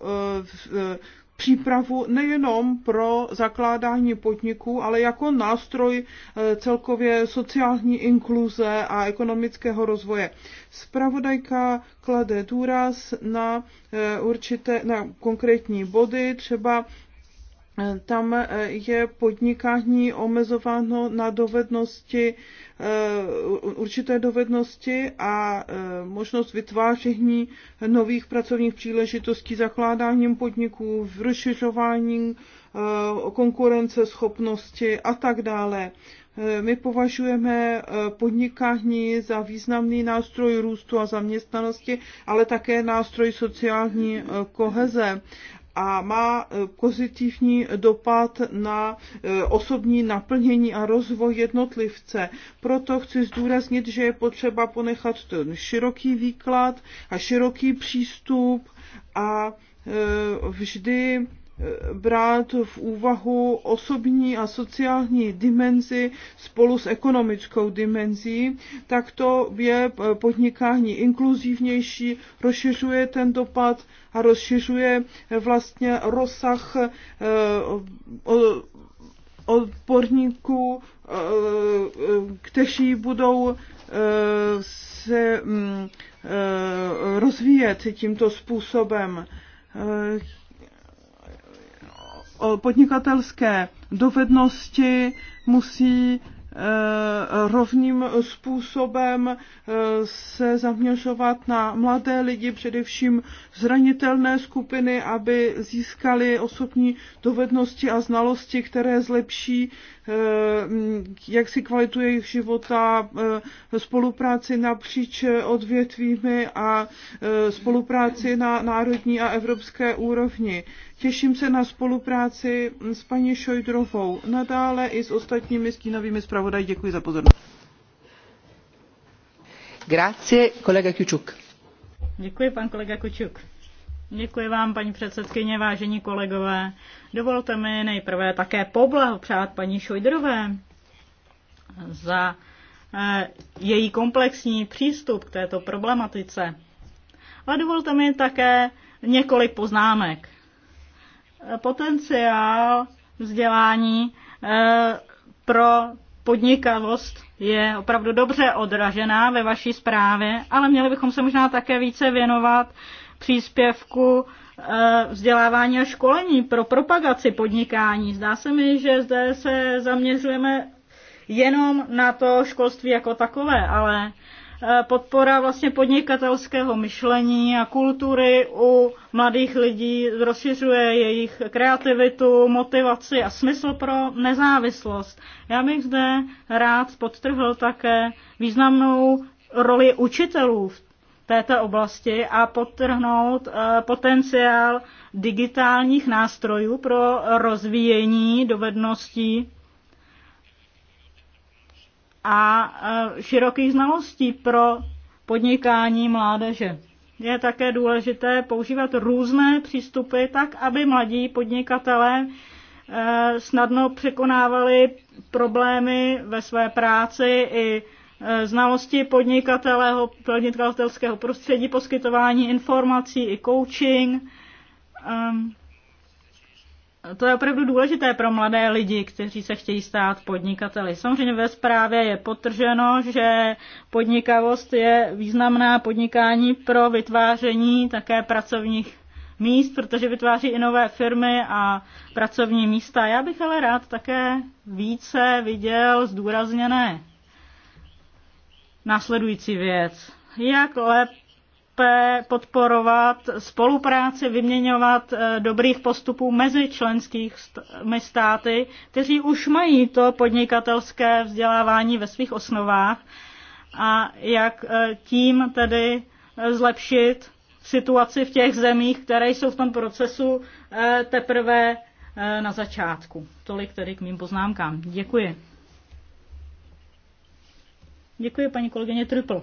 přípravu nejenom pro zakládání podniků, ale jako nástroj eh, celkově sociální inkluze a ekonomického rozvoje. Spravodajka klade důraz na eh, určité, na konkrétní body, třeba tam eh, je podnikání omezováno na dovednosti, eh, určité dovednosti a eh, možnost vytváření nových pracovních příležitostí zakládáním podniků, v rozšiřování konkurenceschopnosti a tak dále. My považujeme podnikání za významný nástroj růstu a zaměstnanosti, ale také nástroj sociální koheze a má e, pozitivní dopad na e, osobní naplnění a rozvoj jednotlivce. Proto chci zdůraznit, že je potřeba ponechat ten široký výklad a široký přístup a e, vždy brát v úvahu osobní a sociální dimenzi spolu s ekonomickou dimenzí, tak to je podnikání inkluzivnější, rozšiřuje ten dopad a rozšiřuje vlastně rozsah eh, odborníků, eh, kteří budou eh, se mm, rozvíjet tímto způsobem podnikatelské dovednosti musí eh, rovným způsobem eh, se zaměřovat na mladé lidi, především zranitelné skupiny, aby získali osobní dovednosti a znalosti, které zlepší eh, jak si kvalitu jejich života, spolupráci napříč odvětvími a spolupráci na národní a evropské úrovni. Těším se na spolupráci s paní Šojdrovou nadále i s ostatními stínovými zpravodaji. Děkuji za pozornost. Grazie, kolega Kučuk. Děkuji, pan kolega Kučuk. Děkuji vám, paní předsedkyně, vážení kolegové. Dovolte mi nejprve také poblahopřát paní Šojdrové za eh, její komplexní přístup k této problematice. A dovolte mi také několik poznámek potenciál vzdělání eh, pro podnikavost je opravdu dobře odražená ve vaší zprávě, ale měli bychom se možná také více věnovat příspěvku eh, vzdělávání a školení pro propagaci podnikání. Zdá se mi, že zde se zaměřujeme jenom na to školství jako takové, ale Eh, podpora vlastně podnikatelského myšlení a kultury u mladých lidí rozšiřuje jejich kreativitu, motivaci a smysl pro nezávislost. Já bych zde rád podtrhl také významnou roli učitelů v této oblasti a podtrhnout eh, potenciál digitálních nástrojů pro rozvíjení dovedností a e, širokých znalostí pro podnikání mládeže. Je také důležité používat různé přístupy tak, aby mladí podnikatelé e, snadno překonávali problémy ve své práci i e, znalosti podnikatelého, podnikatelského prostředí, poskytování informací i coaching, ehm, to je opravdu důležité pro mladé lidi, kteří se chtějí stát podnikateli. Samozřejmě ve zprávě je potrženo, že podnikavost je významná podnikání pro vytváření také pracovních míst, protože vytváří i nové firmy a pracovní místa. Já bych ale rád také více viděl zdůrazněné následující věc. Jak lépe lépe podporovat spolupráci, vyměňovat eh, dobrých postupů mezi členskými státy, kteří už mají to podnikatelské vzdělávání ve svých osnovách a jak eh, tím tedy eh, zlepšit situaci v těch zemích, které jsou v tom procesu teprve na začátku. Tolik tedy k mým poznámkám. Děkuji. Děkuji paní kolegyně Triple.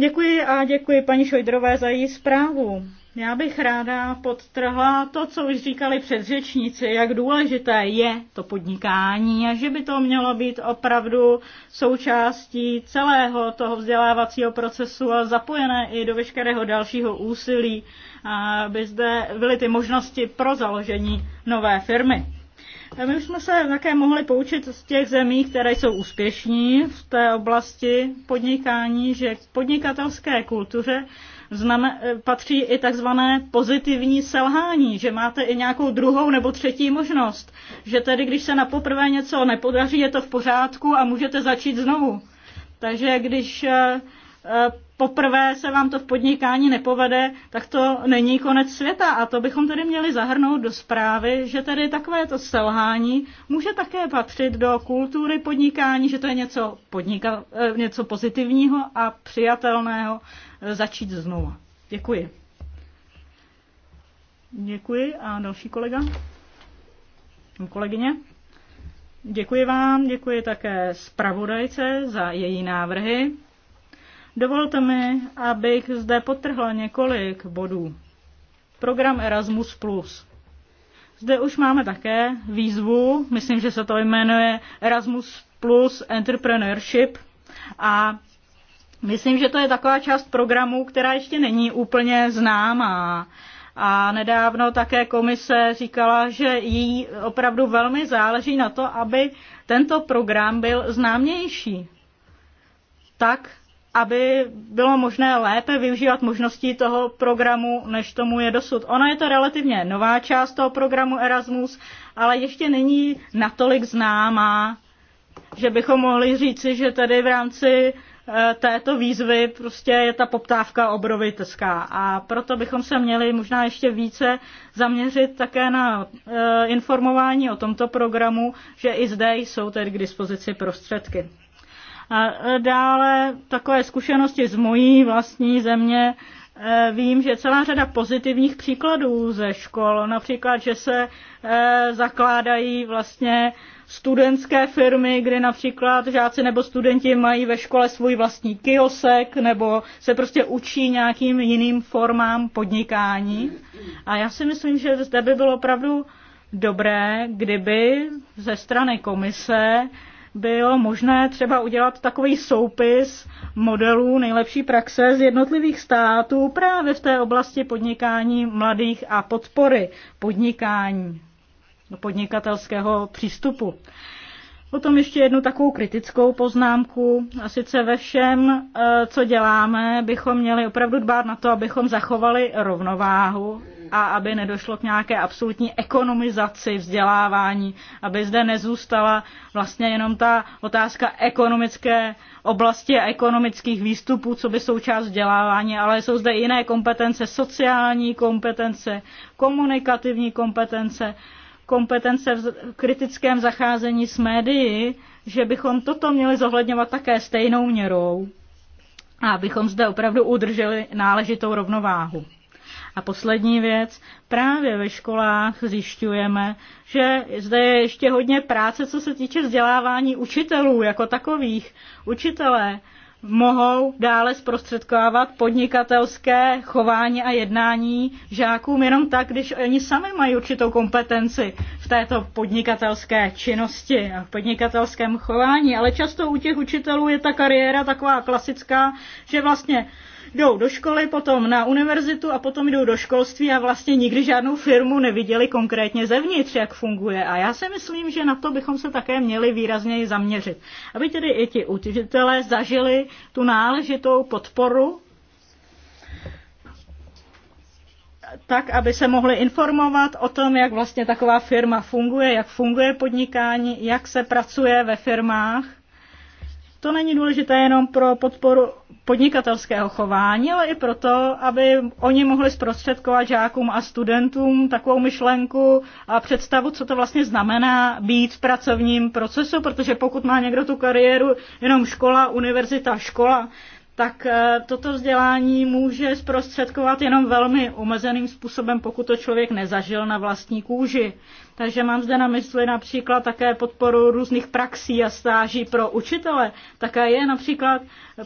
Děkuji a děkuji paní Šojdrové za její zprávu. Já bych ráda podtrhla to, co už říkali předřečníci, jak důležité je to podnikání a že by to mělo být opravdu součástí celého toho vzdělávacího procesu a zapojené i do veškerého dalšího úsilí, aby zde byly ty možnosti pro založení nové firmy. My už jsme se také mohli poučit z těch zemí, které jsou úspěšní v té oblasti podnikání, že k podnikatelské kultuře znamen, patří i takzvané pozitivní selhání, že máte i nějakou druhou nebo třetí možnost, že tedy když se na poprvé něco nepodaří, je to v pořádku a můžete začít znovu. Takže když eh, eh, poprvé se vám to v podnikání nepovede, tak to není konec světa. A to bychom tedy měli zahrnout do zprávy, že tedy takovéto selhání může také patřit do kultury podnikání, že to je něco, podnika, eh, něco pozitivního a přijatelného eh, začít znovu. Děkuji. Děkuji a další kolega? Kolegyně? Děkuji vám, děkuji také zpravodajce za její návrhy. Dovolte mi, abych zde potrhla několik bodů. Program Erasmus+. Zde už máme také výzvu, myslím, že se to jmenuje Erasmus Plus Entrepreneurship a myslím, že to je taková část programu, která ještě není úplně známá. A nedávno také komise říkala, že jí opravdu velmi záleží na to, aby tento program byl známější. Tak, aby bylo možné lépe využívat možností toho programu, než tomu je dosud. Ona je to relativně nová část toho programu Erasmus, ale ještě není natolik známá, že bychom mohli říci, že tady v rámci eh, této výzvy prostě je ta poptávka obrovitelská a proto bychom se měli možná ještě více zaměřit také na eh, informování o tomto programu, že i zde jsou tedy k dispozici prostředky. A e, dále takové zkušenosti z mojí vlastní země e, vím, že celá řada pozitivních příkladů ze škol, například, že se e, zakládají vlastně studentské firmy, kde například žáci nebo studenti mají ve škole svůj vlastní kiosek nebo se prostě učí nějakým jiným formám podnikání. A já si myslím, že zde by bylo opravdu dobré, kdyby ze strany komise bylo možné třeba udělat takový soupis modelů nejlepší praxe z jednotlivých států právě v té oblasti podnikání mladých a podpory podnikání, podnikatelského přístupu. Potom ještě jednu takovou kritickou poznámku. A sice ve všem, eh, co děláme, bychom měli opravdu dbát na to, abychom zachovali rovnováhu a aby nedošlo k nějaké absolutní ekonomizaci vzdělávání, aby zde nezůstala vlastně jenom ta otázka ekonomické oblasti a ekonomických výstupů, co by součást vzdělávání, ale jsou zde jiné kompetence, sociální kompetence, komunikativní kompetence, kompetence v kritickém zacházení s médií, že bychom toto měli zohledňovat také stejnou měrou a abychom zde opravdu udrželi náležitou rovnováhu. A poslední věc, právě ve školách zjišťujeme, že zde je ještě hodně práce, co se týče vzdělávání učitelů jako takových. Učitelé mohou dále zprostředkovávat podnikatelské chování a jednání žákům jenom tak, když oni sami mají určitou kompetenci v této podnikatelské činnosti a v podnikatelském chování. Ale často u těch učitelů je ta kariéra taková klasická, že vlastně jdou do školy, potom na univerzitu a potom jdou do školství a vlastně nikdy žádnou firmu neviděli konkrétně zevnitř, jak funguje. A já si myslím, že na to bychom se také měli výrazněji zaměřit, aby tedy i ti učitelé zažili tu náležitou podporu tak, aby se mohli informovat o tom, jak vlastně taková firma funguje, jak funguje podnikání, jak se pracuje ve firmách to není důležité jenom pro podporu podnikatelského chování, ale i proto, aby oni mohli zprostředkovat žákům a studentům takovou myšlenku a představu, co to vlastně znamená být v pracovním procesu, protože pokud má někdo tu kariéru jenom škola, univerzita, škola, tak eh, toto vzdělání může zprostředkovat jenom velmi omezeným způsobem, pokud to člověk nezažil na vlastní kůži. Takže mám zde na mysli například také podporu různých praxí a stáží pro učitele. Také je například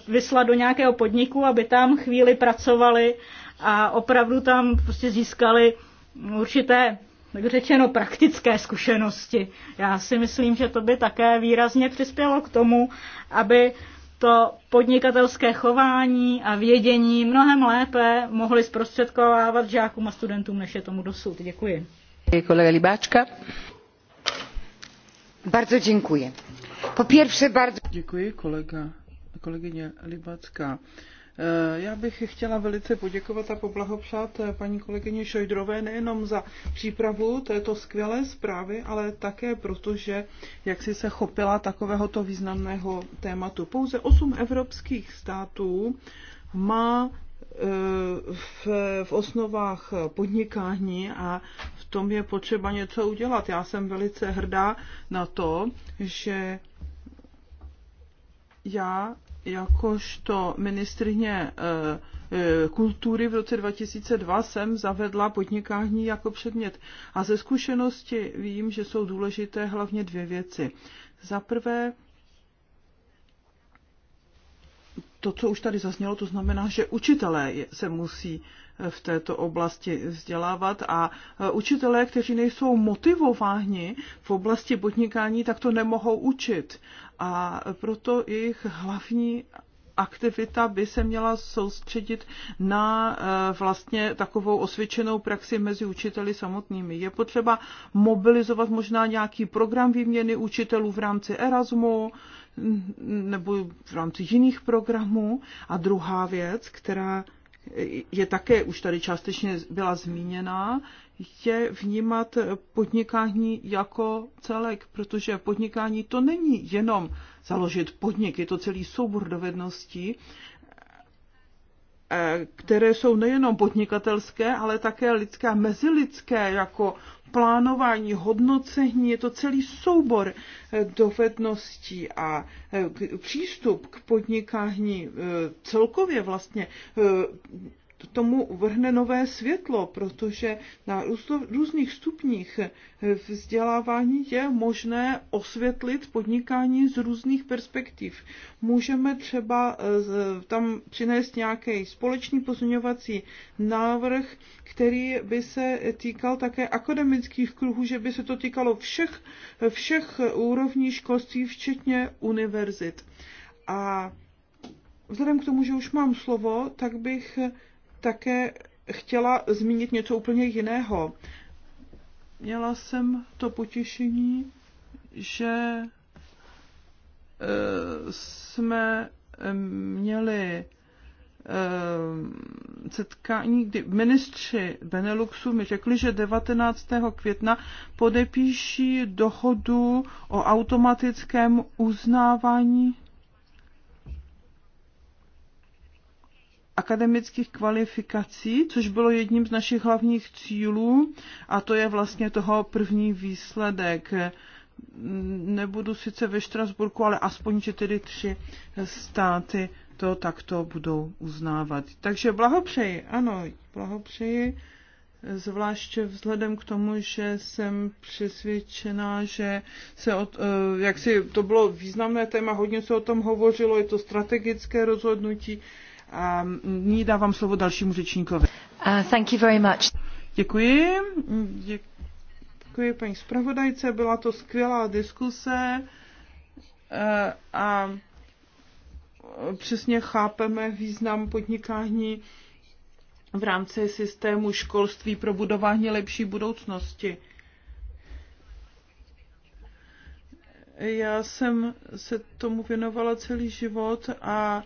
vyslat do nějakého podniku, aby tam chvíli pracovali a opravdu tam prostě získali určité tak řečeno praktické zkušenosti. Já si myslím, že to by také výrazně přispělo k tomu, aby to podnikatelské chování a vědění mnohem lépe mohli zprostředkovávat žákům a studentům, než je tomu dosud. Děkuji. Libáčka. Po pierwsze bardzo... Děkuji, kolegyně e, Já bych chtěla velice poděkovat a poblahopřát e, paní kolegyni Šojdrové nejenom za přípravu této skvělé zprávy, ale také proto, že jak si se chopila takovéhoto významného tématu. Pouze osm evropských států má Eh, v, v osnovách podnikání a v tom je potřeba něco udělat. Já jsem velice hrdá na to, že já jakožto ministrně eh, eh, kultury v roce 2002 jsem zavedla podnikání jako předmět. A ze zkušenosti vím, že jsou důležité hlavně dvě věci. Za prvé to, co už tady zaznělo, to znamená, že učitelé se musí e, v této oblasti vzdělávat a e, učitelé, kteří nejsou motivováni v oblasti podnikání, tak to nemohou učit. A proto jejich hlavní aktivita by se měla soustředit na e, vlastně takovou osvědčenou praxi mezi učiteli samotnými. Je potřeba mobilizovat možná nějaký program výměny učitelů v rámci Erasmu, nebo v rámci jiných programů. A druhá věc, která je také už tady částečně byla zmíněna, je vnímat podnikání jako celek, protože podnikání to není jenom založit podnik, je to celý soubor dovedností, Eh, které jsou nejenom podnikatelské, ale také lidské a mezilidské, jako plánování, hodnocení, je to celý soubor eh, dovedností a eh, přístup k podnikání celkově vlastně tomu vrhne nové světlo, protože na různých stupních vzdělávání je možné osvětlit podnikání z různých perspektiv. Můžeme třeba eh, tam přinést nějaký společný pozměňovací návrh, který by se týkal také akademických kruhů, že by se to týkalo všech, všech úrovní školství, včetně univerzit. A vzhledem k tomu, že už mám slovo, tak bych také chtěla zmínit něco úplně jiného. Měla jsem to potěšení, že eh, jsme eh, měli eh, setkání, kdy ministři Beneluxu mi řekli, že 19. května podepíší dohodu o automatickém uznávání akademických kvalifikací, což bylo jedním z našich hlavních cílů a to je vlastně toho první výsledek. Nebudu sice ve Štrasburku, ale aspoň, že tedy tři státy to takto budou uznávat. Takže blahopřeji, ano, blahopřeji, zvláště vzhledem k tomu, že jsem přesvědčená, že se od, e, jak si, to bylo významné téma, hodně se o tom hovořilo, je to strategické rozhodnutí, nyní dávám slovo dalšímu řečníkovi. Uh, thank you very much. Děkuji. Děkuji paní zpravodajce, byla to skvělá diskuse eh, a přesně chápeme význam podnikání v rámci systému školství pro budování lepší budoucnosti. Já jsem se tomu věnovala celý život a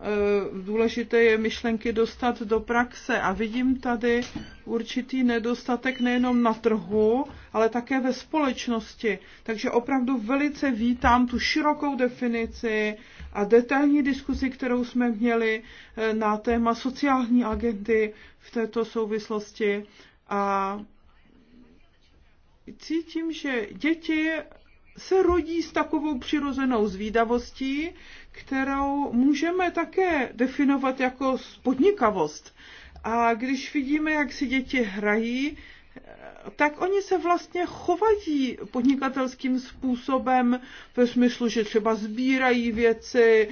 Eh, důležité je myšlenky dostat do praxe. A vidím tady určitý nedostatek nejenom na trhu, ale také ve společnosti. Takže opravdu velice vítám tu širokou definici a detailní diskusi, kterou jsme měli eh, na téma sociální agendy v této souvislosti. A cítím, že děti se rodí s takovou přirozenou zvídavostí, kterou můžeme také definovat jako podnikavost. A když vidíme, jak si děti hrají, tak oni se vlastně chovají podnikatelským způsobem ve smyslu, že třeba sbírají věci,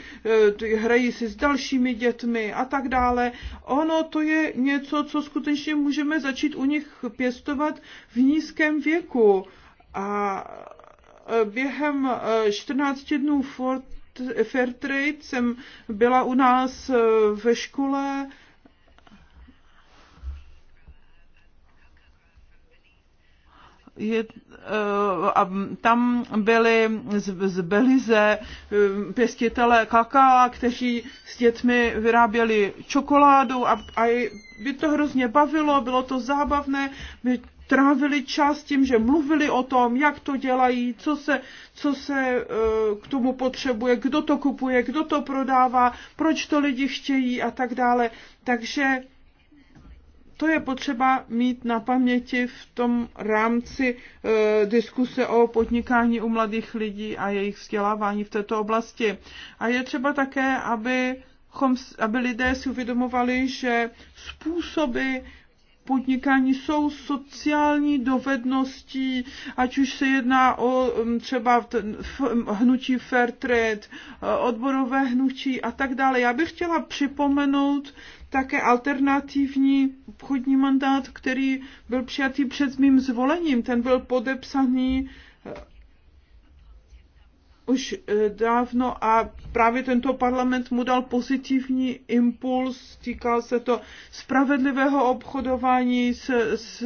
hrají si s dalšími dětmi a tak dále. Ono to je něco, co skutečně můžeme začít u nich pěstovat v nízkém věku. A během 14 eh, dnů Fairtrade jsem byla u nás eh, ve škole je, eh, a tam byli z, z Belize pěstitelé kaká, kteří s dětmi vyráběli čokoládu a, a by to hrozně bavilo, bylo to zábavné, my trávili čas tím, že mluvili o tom, jak to dělají, co se, co se eh, k tomu potřebuje, kdo to kupuje, kdo to prodává, proč to lidi chtějí a tak dále. Takže to je potřeba mít na paměti v tom rámci e, diskuse o podnikání u mladých lidí a jejich vzdělávání v této oblasti. A je třeba také, aby, aby lidé si uvědomovali, že způsoby podnikání jsou sociální dovednosti, ať už se jedná o mm, třeba mm, hnutí trade, eh, odborové hnutí a tak dále. Já bych chtěla připomenout také alternativní obchodní mandát, který byl přijatý před mým zvolením. Ten byl podepsaný už eh, dávno a právě tento parlament mu dal pozitivní impuls, týkal se to spravedlivého obchodování s, s,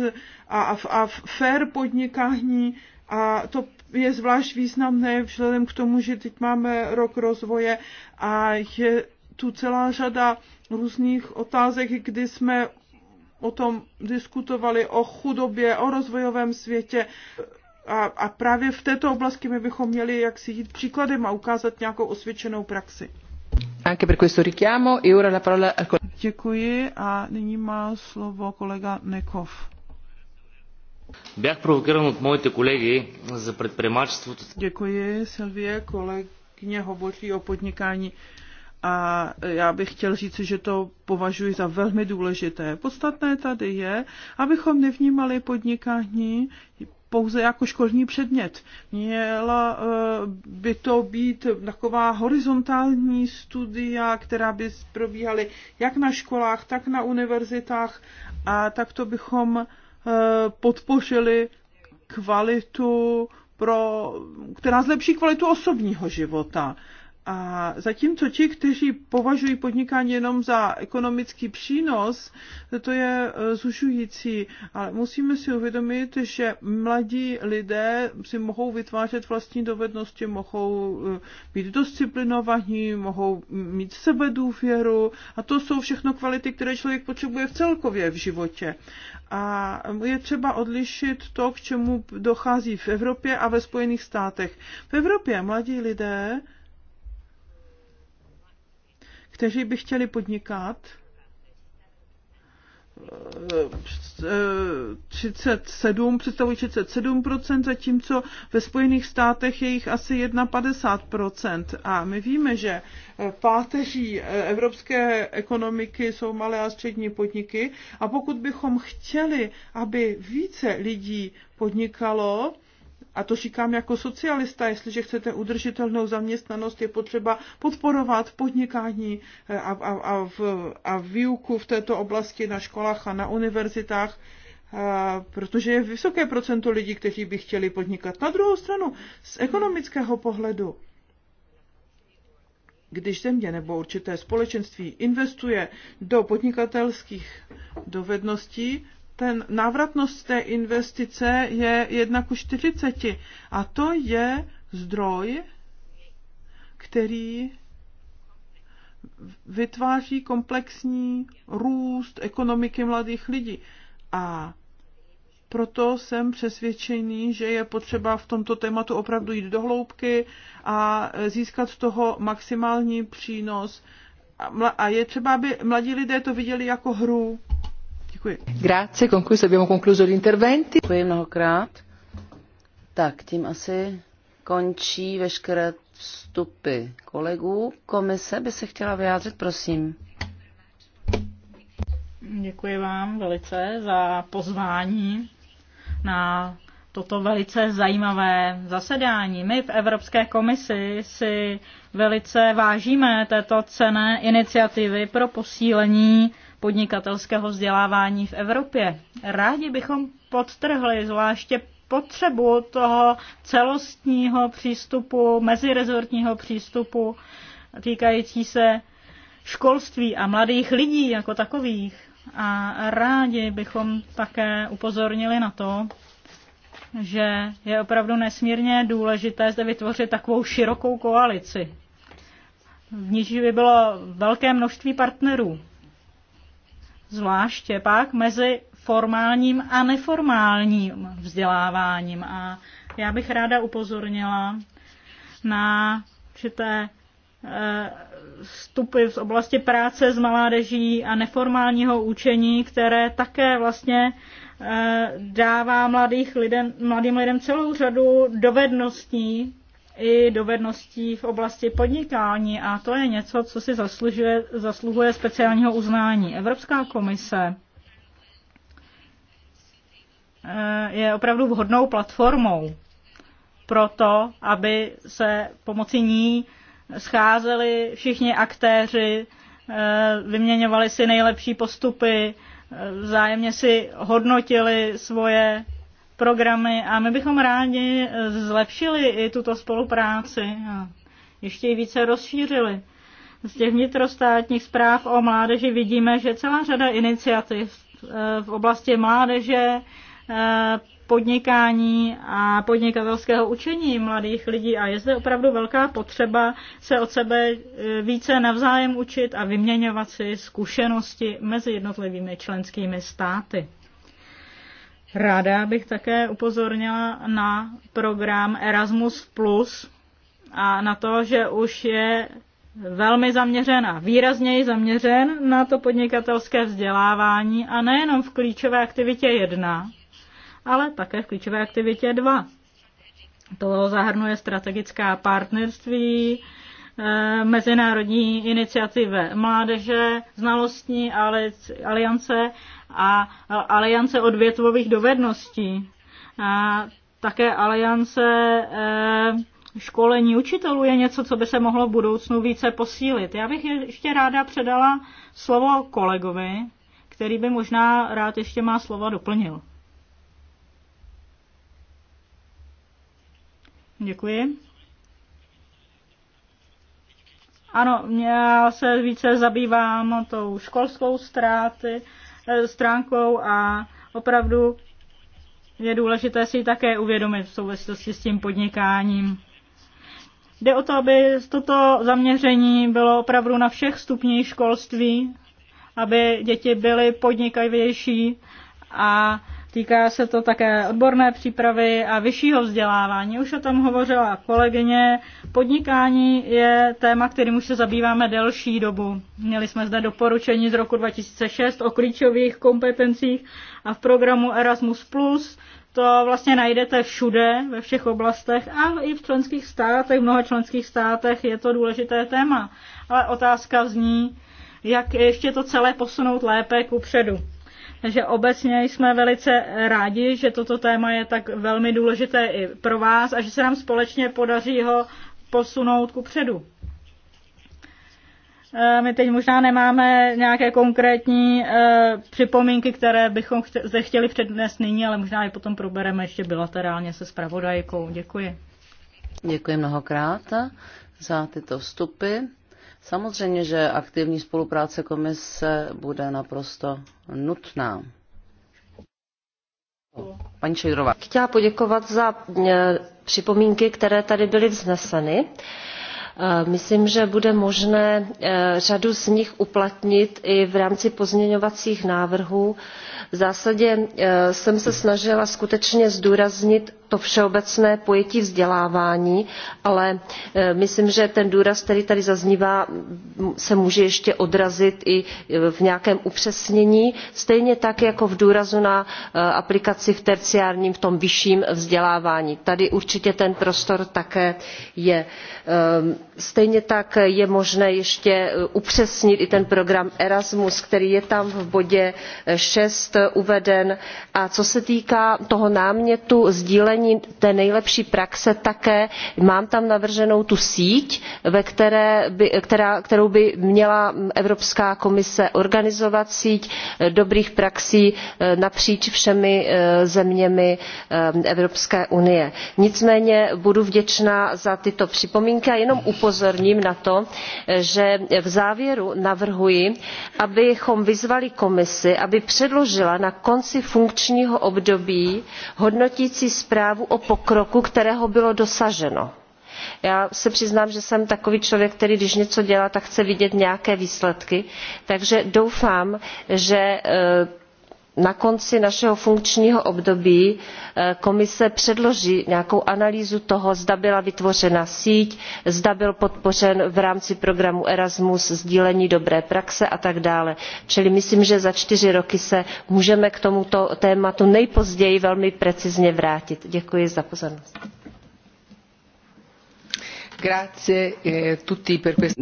a, a, a fair podnikání a to je zvlášť významné vzhledem k tomu, že teď máme rok rozvoje a je tu celá řada různých otázek, kdy jsme o tom diskutovali, o chudobě, o rozvojovém světě, a, a právě v této oblasti my bychom měli jak si jít příkladem a ukázat nějakou osvědčenou praxi. Anche per questo richiamo e ora la parola al Děkuji a nyní má slovo kolega Nekov. Бях провокиран от моите колеги за предприемачеството. Děkuji, Silvie, kolegyně hovoří o podnikání a já bych chtěl říct, že to považuji za velmi důležité. Podstatné tady je, abychom nevnímali podnikání pouze jako školní předmět. Měla eh, by to být taková horizontální studia, která by probíhaly jak na školách, tak na univerzitách a takto bychom eh, podpořili kvalitu pro, která zlepší kvalitu osobního života. A zatímco ti, kteří považují podnikání jenom za ekonomický přínos, to je e, zužující, ale musíme si uvědomit, že mladí lidé si mohou vytvářet vlastní dovednosti, mohou e, být disciplinovaní, mohou mít sebedůvěru a to jsou všechno kvality, které člověk potřebuje v celkově v životě. A je třeba odlišit to, k čemu dochází v Evropě a ve Spojených státech. V Evropě mladí lidé kteří by chtěli podnikat, 37, představují 37%, zatímco ve Spojených státech je jich asi 51%. A my víme, že eh, páteří eh, evropské ekonomiky jsou malé a střední podniky a pokud bychom chtěli, aby více lidí podnikalo, a to říkám jako socialista, jestliže chcete udržitelnou zaměstnanost, je potřeba podporovat podnikání eh, a, a, a, v, a výuku v této oblasti na školách a na univerzitách, a, eh, protože je vysoké procento lidí, kteří by chtěli podnikat. Na druhou stranu, z ekonomického pohledu, když země nebo určité společenství investuje do podnikatelských dovedností, ten návratnost té investice je 1 ku 40 a to je zdroj, který vytváří komplexní růst ekonomiky mladých lidí. A proto jsem přesvědčený, že je potřeba v tomto tématu opravdu jít do hloubky a získat z toho maximální přínos. A je třeba, aby mladí lidé to viděli jako hru, mnohokrát. Tak, tím asi končí veškeré vstupy kolegů. Komise by se chtěla vyjádřit, prosím. Děkuji vám velice za pozvání na toto velice zajímavé zasedání. My v Evropské komisi si velice vážíme této cené iniciativy pro posílení podnikatelského vzdělávání v Evropě. Rádi bychom podtrhli zvláště potřebu toho celostního přístupu, mezirezortního přístupu týkající se školství a mladých lidí jako takových. A rádi bychom také upozornili na to, že je opravdu nesmírně důležité zde vytvořit takovou širokou koalici. V níž by bylo velké množství partnerů zvláště pak mezi formálním a neformálním vzděláváním. A já bych ráda upozornila na určité e, vstupy v oblasti práce s maládeží a neformálního učení, které také vlastně e, dává mladých lidem, mladým lidem celou řadu dovedností, i dovedností v oblasti podnikání a to je něco, co si zaslužuje, zasluhuje speciálního uznání. Evropská komise eh, je opravdu vhodnou platformou pro to, aby se pomocí ní scházeli všichni aktéři, eh, vyměňovali si nejlepší postupy, eh, vzájemně si hodnotili svoje programy a my bychom rádi eh, zlepšili i tuto spolupráci a ještě ji více rozšířili. Z těch vnitrostátních zpráv o mládeži vidíme, že celá řada iniciativ eh, v oblasti mládeže, eh, podnikání a podnikatelského učení mladých lidí a je zde opravdu velká potřeba se od sebe více navzájem učit a vyměňovat si zkušenosti mezi jednotlivými členskými státy. Ráda bych také upozornila na program Erasmus Plus a na to, že už je velmi zaměřen a výrazněji zaměřen na to podnikatelské vzdělávání a nejenom v klíčové aktivitě 1, ale také v klíčové aktivitě 2. To zahrnuje strategická partnerství, eh, mezinárodní iniciativy mládeže, znalostní aliance a aliance odvětvových dovedností. A také aliance e, školení učitelů je něco, co by se mohlo v budoucnu více posílit. Já bych ještě ráda předala slovo kolegovi, který by možná rád ještě má slova doplnil. Děkuji. Ano, já se více zabývám tou školskou ztráty, E, stránkou a opravdu je důležité si ji také uvědomit v souvislosti s tím podnikáním. Jde o to, aby toto zaměření bylo opravdu na všech stupních školství, aby děti byly podnikavější a Týká se to také odborné přípravy a vyššího vzdělávání. Už o tom hovořila kolegyně. Podnikání je téma, kterým už se zabýváme delší dobu. Měli jsme zde doporučení z roku 2006 o klíčových kompetencích a v programu Erasmus+. To vlastně najdete všude, ve všech oblastech a i v členských státech, v mnoha členských státech je to důležité téma. Ale otázka zní, jak ještě to celé posunout lépe ku předu. Takže obecně jsme velice rádi, že toto téma je tak velmi důležité i pro vás a že se nám společně podaří ho posunout ku předu. Eh, my teď možná nemáme nějaké konkrétní eh, připomínky, které bychom zde chtěli přednést nyní, ale možná je potom probereme ještě bilaterálně se spravodajkou. Děkuji. Děkuji mnohokrát za tyto vstupy. Samozřejmě, že aktivní spolupráce komise bude naprosto nutná. Paní Šejdrová. Chtěla poděkovat za e, připomínky, které tady byly vzneseny Eh, myslím že bude možné eh, řadu z nich uplatnit i v rámci pozměňovacích návrhů. v zásadě eh, jsem se snažila skutečně zdůraznit to všeobecné pojetí vzdělávání ale myslím že ten důraz který tady zaznívá se může ještě odrazit i v nějakém upřesnění stejně tak jako v důrazu na aplikaci v terciárním v tom vyšším vzdělávání. tady určitě ten prostor také je. Ehm, stejně tak je možné ještě eh, upřesnit i ten program erasmus který je tam v bodě eh, six uveden a co se týká toho námětu sdílení té nejlepší praxe také mám tam navrženou tu síť kterou by měla mm, evropská komise organizovat síť eh, dobrých praxí napříč všemi zeměmi evropské unie. nicméně budu vděčná za tyto připomínky a jenom upozorním na to že v závěru navrhuji abychom vyzvali komisi aby předložila na konci funkčního období hodnotící zprávu o pokroku kterého bylo dosaženo já se přiznám že jsem takový člověk který když něco dělá tak chce vidět nějaké výsledky takže doufám že eh, na konci našeho funkčního období eh, komise předloží nějakou analýzu toho zda byla vytvořena síť zda byl podpořen v rámci programu erasmus sdílení dobré praxe a tak dále čili myslím že za čtyři roky se můžeme k tomuto tématu nejpozději velmi precizně vrátit. děkuji za pozornost. Eh,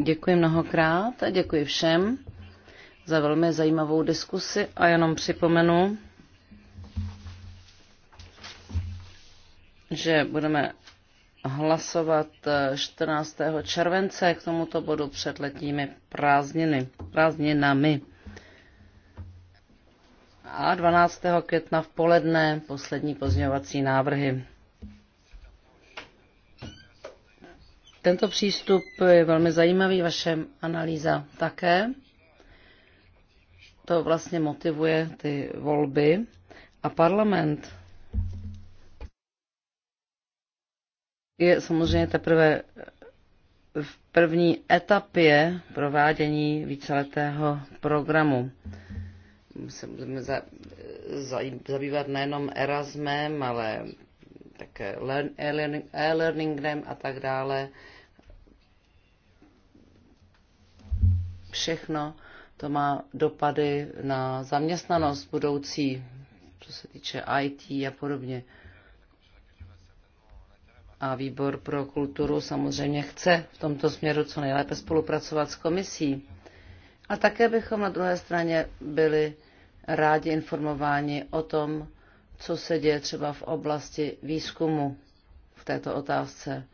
děkuji mnohokrát a děkuji všem za velmi zajímavou diskusi a jenom připomenu, že budeme hlasovat 14. Eh, července k tomuto bodu před letními prázdniny, prázdninami. A 12. května v poledne poslední pozměňovací návrhy. Tento přístup je velmi zajímavý, vaše analýza také to vlastně motivuje ty volby a parlament je samozřejmě teprve v první etapě provádění víceletého programu. Se budeme za, za, zabývat nejenom Erasmem, ale také e-learningem e a tak dále. Všechno to má dopady na zaměstnanost budoucí, co se týče IT a podobně. A výbor pro kulturu samozřejmě chce v tomto směru co nejlépe spolupracovat s komisí. A také bychom na druhé straně byli rádi informováni o tom, co se děje třeba v oblasti výzkumu v této otázce,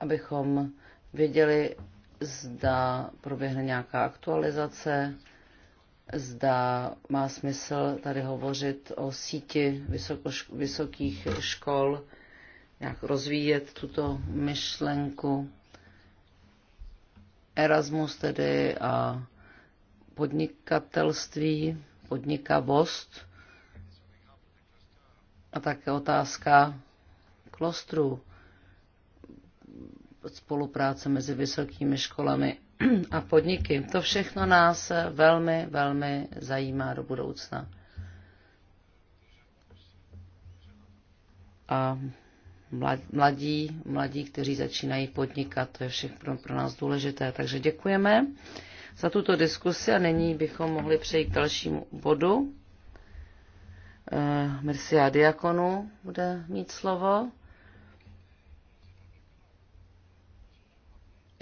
abychom věděli, zda proběhne nějaká aktualizace, zda má smysl tady hovořit o síti vysokých škol, jak rozvíjet tuto myšlenku. Erasmus tedy a podnikatelství, podnikavost a také otázka klostru spolupráce mezi vysokými školami a podniky. To všechno nás velmi, velmi zajímá do budoucna. A mladí, mladí, kteří začínají podnikat, to je všechno pro nás důležité. Takže děkujeme za tuto diskusi a nyní bychom mohli přejít k dalšímu bodu. Eh, Mircia Diakonu bude mít slovo.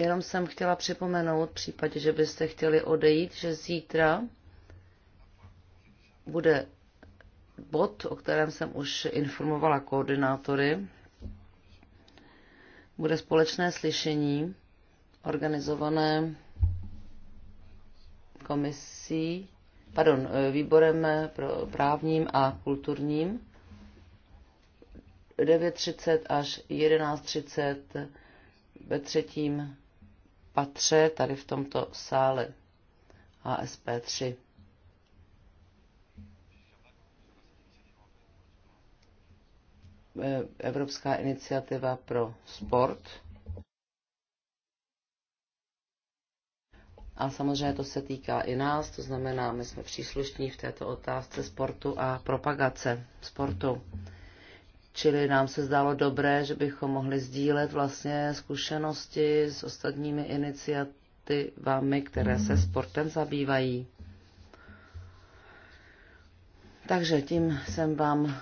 Jenom jsem chtěla připomenout, v případě, že byste chtěli odejít, že zítra bude bod, o kterém jsem už informovala koordinátory. Bude společné slyšení organizované komisí, pardon, výborem pro právním a kulturním 9.30 až 11.30 ve třetím patře tady v tomto sále ASP3. Eh, Evropská iniciativa pro sport. A samozřejmě to se týká i nás, to znamená, my jsme příslušní v této otázce sportu a propagace sportu. Čili nám se zdálo dobré, že bychom mohli sdílet vlastně zkušenosti s ostatními iniciativami, které se mhm. sportem zabývají. Takže tím jsem vám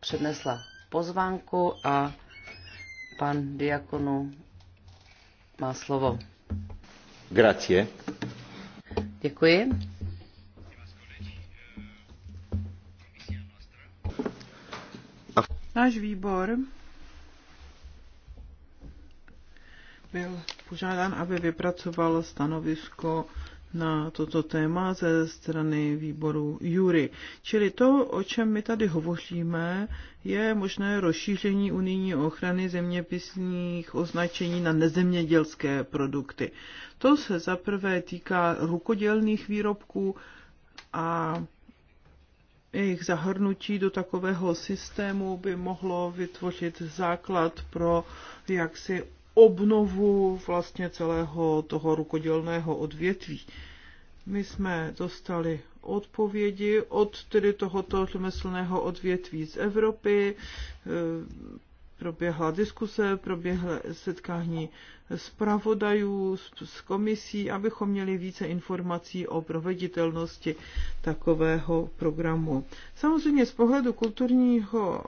přednesla pozvánku a pan Diakonu má slovo. Grazie. Děkuji. Náš výbor byl požádán, aby vypracoval stanovisko na toto téma ze strany výboru Jury. Čili to, o čem my tady hovoříme, je možné rozšíření unijní ochrany zeměpisných označení na nezemědělské produkty. To se zaprvé týká rukodělných výrobků a jejich zahrnutí do takového systému by mohlo vytvořit základ pro jaksi obnovu vlastně celého toho rukodělného odvětví. My jsme dostali odpovědi od tedy tohoto řemeslného odvětví z Evropy, proběhla diskuse, proběhla setkání zpravodajů s komisí, abychom měli více informací o proveditelnosti takového programu. Samozřejmě z pohledu kulturního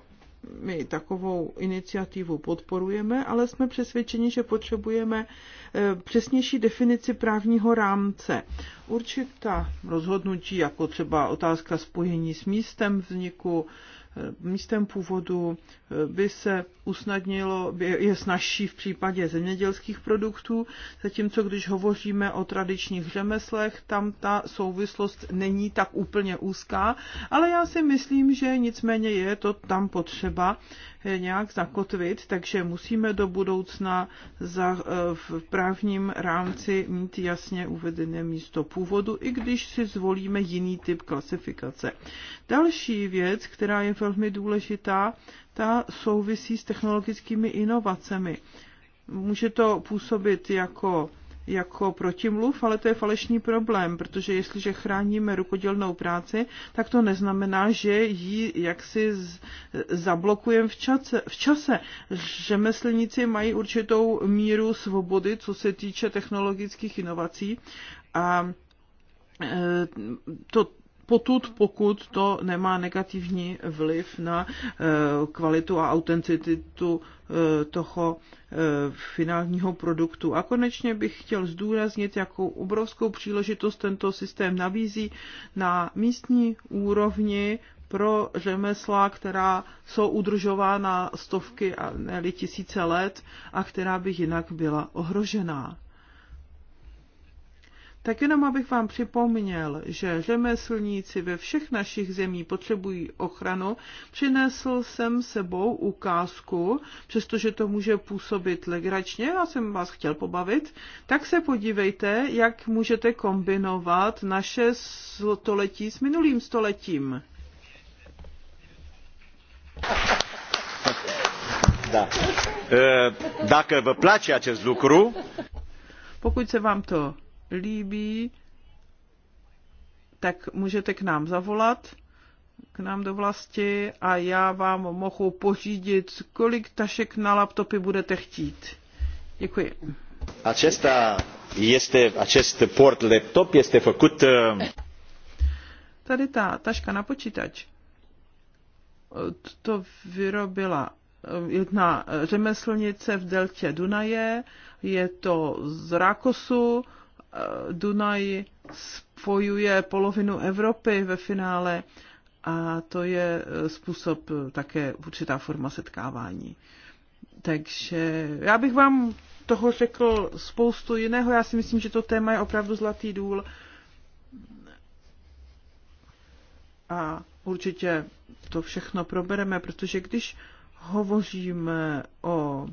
my takovou iniciativu podporujeme, ale jsme přesvědčeni, že potřebujeme eh, přesnější definici právního rámce. Určitá rozhodnutí, jako třeba otázka spojení s místem vzniku, místem původu eh, by se usnadnilo, je snažší v případě zemědělských produktů, zatímco když hovoříme o tradičních řemeslech, tam ta souvislost není tak úplně úzká, ale já si myslím, že nicméně je to tam potřeba nějak zakotvit, takže musíme do budoucna za, eh, v právním rámci mít jasně uvedené místo původu, i když si zvolíme jiný typ klasifikace. Další věc, která je velmi důležitá, ta souvisí s technologickými inovacemi. Může to působit jako jako protimluv, ale to je falešný problém, protože jestliže chráníme rukodělnou práci, tak to neznamená, že ji jaksi zablokujeme v čase. v čase. Řemeslníci mají určitou míru svobody, co se týče technologických inovací a e, to potud, pokud to nemá negativní vliv na eh, kvalitu a autenticitu eh, toho eh, finálního produktu. A konečně bych chtěl zdůraznit, jakou obrovskou příležitost tento systém nabízí na místní úrovni pro řemesla, která jsou udržována stovky a ne tisíce let a která by jinak byla ohrožená. Tak jenom abych vám připomněl, že řemeslníci ve všech našich zemí potřebují ochranu, přinesl jsem sebou ukázku, přestože to může působit legračně, já jsem vás chtěl pobavit, tak se podívejte, jak můžete kombinovat naše století s minulým stoletím. Da. E, dacă vă place acest lucru, pokud se vám to líbí, tak můžete k nám zavolat, k nám do vlasti a já vám mohu pořídit, kolik tašek na laptopy budete chtít. Děkuji. Acesta este, acest port laptop este făcut... Uh, Tady ta taška na počítač, eh, to vyrobila eh, jedna řemeslnice v deltě Dunaje, je to z Rakosu, Dunaj spojuje polovinu Evropy ve finále a to je eh, způsob eh, také určitá forma setkávání. Takže já bych vám toho řekl spoustu jiného. Já si myslím, že to téma je opravdu zlatý důl. A určitě to všechno probereme, protože když hovoříme o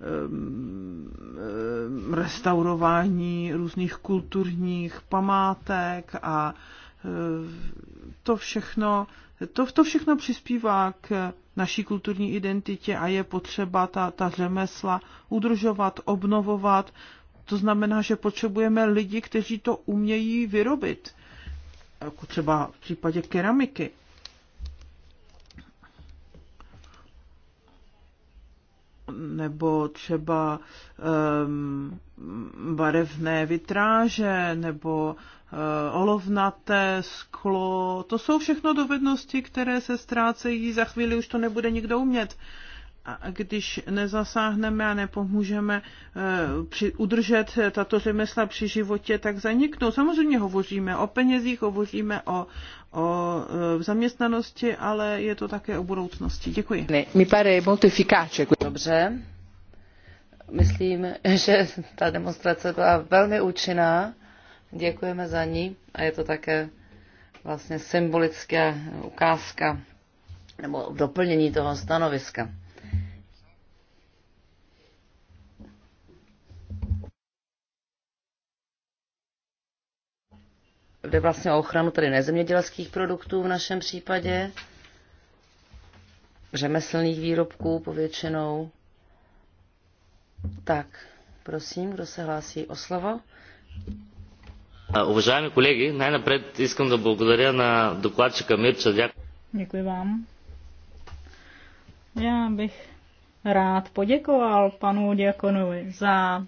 Ehm, ehm, restaurování různých kulturních památek a eh, to všechno, to, to všechno přispívá k naší kulturní identitě a je potřeba ta, ta řemesla udržovat, obnovovat. To znamená, že potřebujeme lidi, kteří to umějí vyrobit, jako třeba v případě keramiky. nebo třeba um, barevné vitráže nebo uh, olovnaté sklo. To jsou všechno dovednosti, které se ztrácejí, za chvíli už to nebude nikdo umět. A když nezasáhneme a nepomůžeme uh, při, udržet tato řemesla při životě, tak zaniknou. Samozřejmě hovoříme o penězích, hovoříme o, o e, zaměstnanosti, ale je to také o budoucnosti. Děkuji. Mi pare molto efficace. Dobře. Myslím, že ta demonstrace byla velmi účinná. Děkujeme za ní a je to také vlastně symbolická ukázka nebo doplnění toho stanoviska. jde vlastně o ochranu tedy nezemědělských produktů v našem případě, řemeslných výrobků povětšinou. Tak, prosím, kdo se hlásí o slovo? Уважаеми колеги, най-напред искам да благодаря на докладчика Мирча. Děkuji vám. Já bych rád poděkoval panu Diakonovi za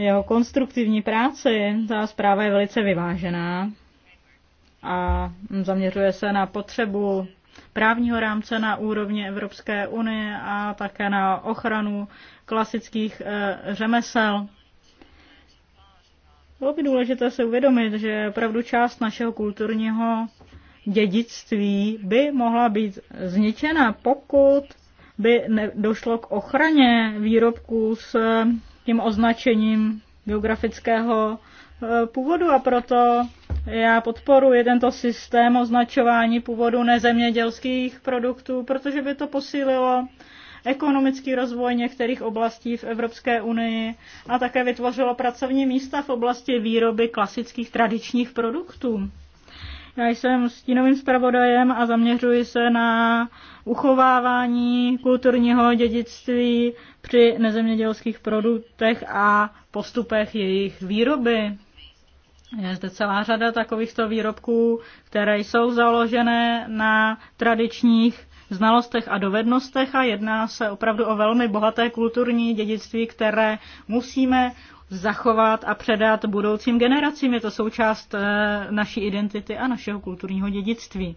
jeho konstruktivní práci. Ta zpráva je velice vyvážená a zaměřuje se na potřebu právního rámce na úrovni Evropské unie a také na ochranu klasických eh, řemesel. Bylo by důležité se uvědomit, že opravdu část našeho kulturního dědictví by mohla být zničena, pokud by došlo k ochraně výrobků s tím označením geografického e, původu a proto já podporuji tento systém označování původu nezemědělských produktů, protože by to posílilo ekonomický rozvoj některých oblastí v Evropské unii a také vytvořilo pracovní místa v oblasti výroby klasických tradičních produktů. Já jsem stínovým zpravodajem a zaměřuji se na uchovávání kulturního dědictví při nezemědělských produktech a postupech jejich výroby. Je zde celá řada takovýchto výrobků, které jsou založené na tradičních znalostech a dovednostech a jedná se opravdu o velmi bohaté kulturní dědictví, které musíme zachovat a předat budoucím generacím. Je to součást eh, naší identity a našeho kulturního dědictví.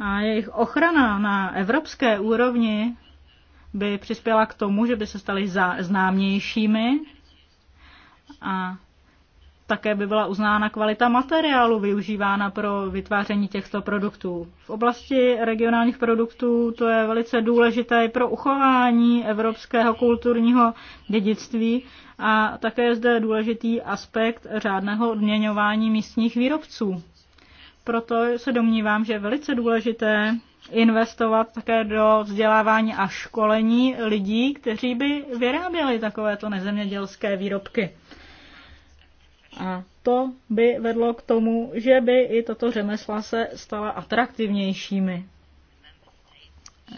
A jejich ochrana na evropské úrovni by přispěla k tomu, že by se staly známějšími a také by byla uznána kvalita materiálu využívána pro vytváření těchto produktů. V oblasti regionálních produktů to je velice důležité i pro uchování evropského kulturního dědictví a také je zde důležitý aspekt řádného odměňování místních výrobců. Proto se domnívám, že je velice důležité investovat také do vzdělávání a školení lidí, kteří by vyráběli takovéto nezemědělské výrobky. A to by vedlo k tomu, že by i tato řemesla se stala atraktivnějšími.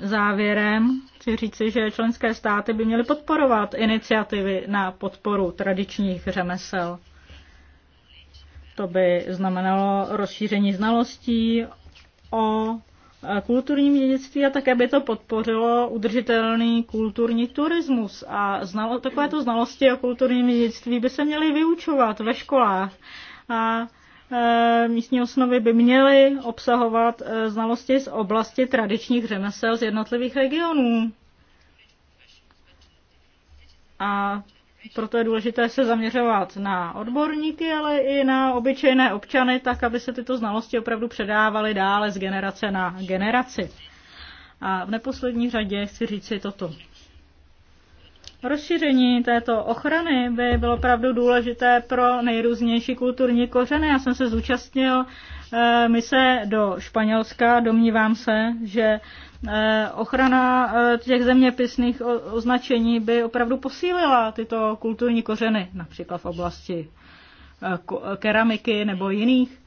Závěrem chci říci, že členské státy by měly podporovat iniciativy na podporu tradičních řemesel. To by znamenalo rozšíření znalostí o kulturním dědictví a také by to podpořilo udržitelný kulturní turismus. A znalo, takovéto znalosti o kulturním dědictví by se měly vyučovat ve školách. A e, místní osnovy by měly obsahovat e, znalosti z oblasti tradičních řemesel z jednotlivých regionů. A proto je důležité se zaměřovat na odborníky, ale i na obyčejné občany, tak aby se tyto znalosti opravdu předávaly dále z generace na generaci. A v neposlední řadě chci říci toto. Rozšíření této ochrany by bylo opravdu důležité pro nejrůznější kulturní kořeny. Já jsem se zúčastnil eh, mise do Španělska. Domnívám se, že Eh, ochrana eh, těch zeměpisných označení by opravdu posílila tyto kulturní kořeny, například v oblasti eh, keramiky nebo jiných.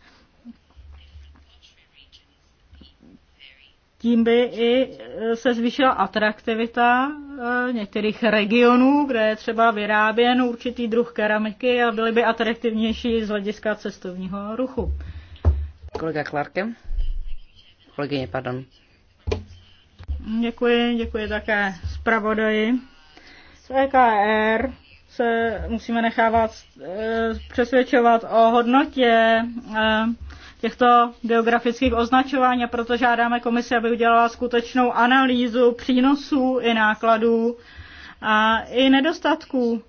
Tím by i se zvýšila atraktivita některých regionů, kde je třeba vyráběn určitý druh keramiky a byly by atraktivnější z hlediska cestovního ruchu. Kolega Clarkem? Kolegyně, pardon. Děkuji, děkuji také zpravodaji. Z EKR se musíme nechávat eh, přesvědčovat o hodnotě eh, těchto geografických označování a proto žádáme komisi, aby udělala skutečnou analýzu přínosů i nákladů a i nedostatků,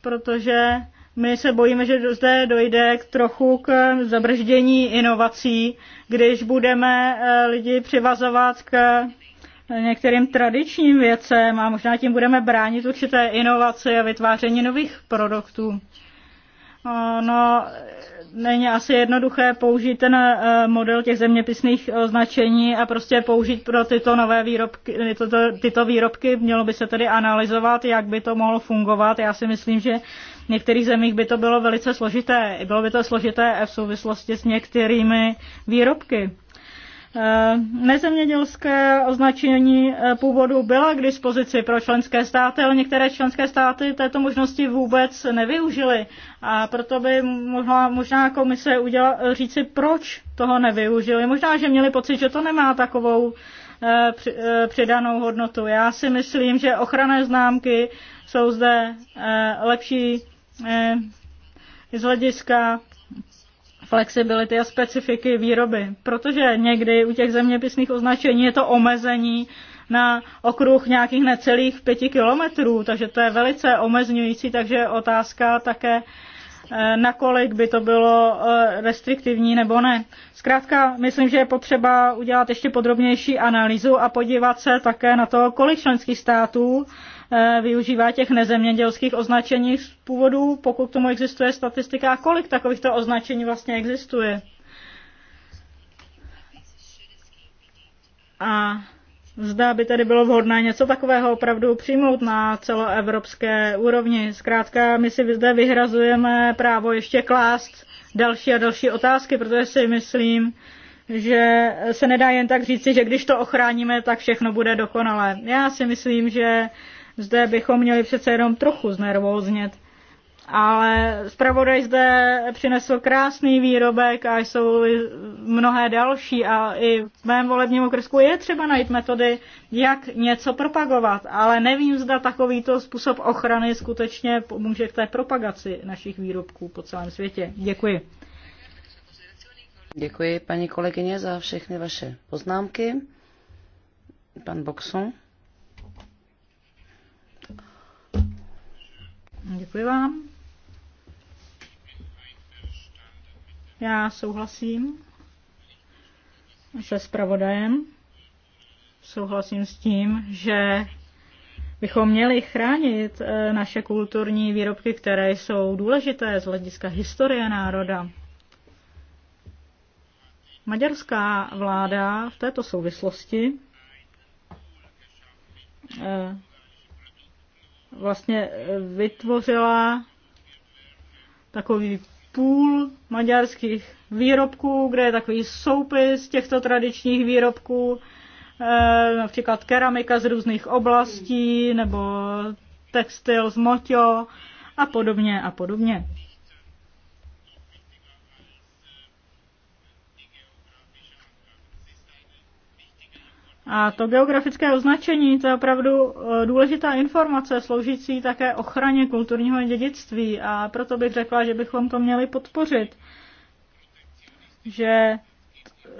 protože my se bojíme, že zde dojde k trochu k zabrždění inovací, když budeme eh, lidi přivazovat k některým tradičním věcem a možná tím budeme bránit určité inovace a vytváření nových produktů. No, není asi jednoduché použít ten eh, model těch zeměpisných označení a prostě použít pro tyto nové výrobky, tyto, tyto výrobky. Mělo by se tedy analyzovat, jak by to mohlo fungovat. Já si myslím, že v některých zemích by to bylo velice složité. Bylo by to složité v souvislosti s některými výrobky. Eh, nezemědělské označení eh, původu byla k dispozici pro členské státy, ale některé členské státy této možnosti vůbec nevyužily. A proto by mohla možná komise udělat, eh, říci, proč toho nevyužili. Možná, že měli pocit, že to nemá takovou přidanou hodnotu. Já si myslím, že ochranné známky jsou zde lepší z hlediska flexibility a specifiky výroby, protože někdy u těch zeměpisných označení je to omezení na okruh nějakých necelých pěti kilometrů, takže to je velice omezňující, takže otázka také, eh, nakolik by to bylo eh, restriktivní nebo ne. Zkrátka, myslím, že je potřeba udělat ještě podrobnější analýzu a podívat se také na to, kolik členských států Eh, využívá těch nezemědělských označení z původu, pokud tomu existuje statistika a kolik takovýchto označení vlastně existuje. A Zda by tedy bylo vhodné něco takového opravdu přijmout na celoevropské úrovni. Zkrátka, my si zde vyhrazujeme právo ještě klást další a další otázky, protože si myslím, že se nedá jen tak říci, že když to ochráníme, tak všechno bude dokonalé. Já si myslím, že zde bychom měli přece jenom trochu znervóznět. Ale zpravodaj zde přinesl krásný výrobek a jsou mnohé další a i v mém volebním okrsku je třeba najít metody, jak něco propagovat, ale nevím, zda takovýto způsob ochrany skutečně pomůže k té propagaci našich výrobků po celém světě. Děkuji. Děkuji, paní kolegyně, za všechny vaše poznámky. Pan Boxon. Děkuji vám. Já souhlasím se zpravodajem. Souhlasím s tím, že bychom měli chránit eh, naše kulturní výrobky, které jsou důležité z hlediska historie národa. Maďarská vláda v této souvislosti eh, vlastně eh, vytvořila takový půl maďarských výrobků, kde je takový soupis těchto tradičních výrobků, eh, například keramika z různých oblastí nebo textil z moťo a podobně a podobně. A to geografické označení to je opravdu eh, důležitá informace, sloužící také ochraně kulturního dědictví a proto bych řekla, že bychom to měli podpořit. Že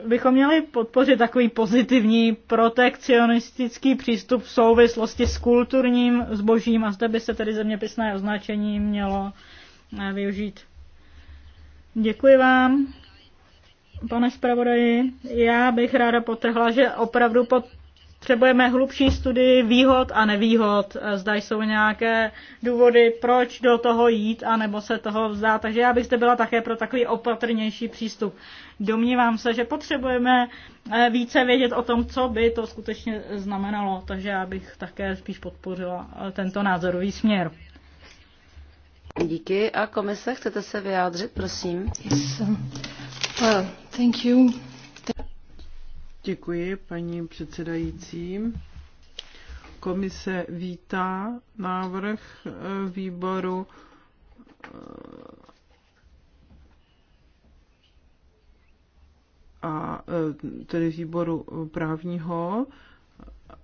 bychom měli podpořit takový pozitivní protekcionistický přístup v souvislosti s kulturním zbožím a zde by se tedy zeměpisné označení mělo eh, využít. Děkuji vám pane zpravodaji. Já bych ráda potrhla, že opravdu potřebujeme hlubší studii výhod a nevýhod. Zda jsou nějaké důvody, proč do toho jít a nebo se toho vzdát. Takže já bych zde byla také pro takový opatrnější přístup. Domnívám se, že potřebujeme eh, více vědět o tom, co by to skutečně znamenalo. Takže já bych také spíš podpořila eh, tento názorový směr. Díky. A komise, chcete se vyjádřit, prosím? Yes. Well, Thank you. Děkuji, paní předsedající. Komise vítá návrh eh, výboru eh, a eh, tedy výboru právního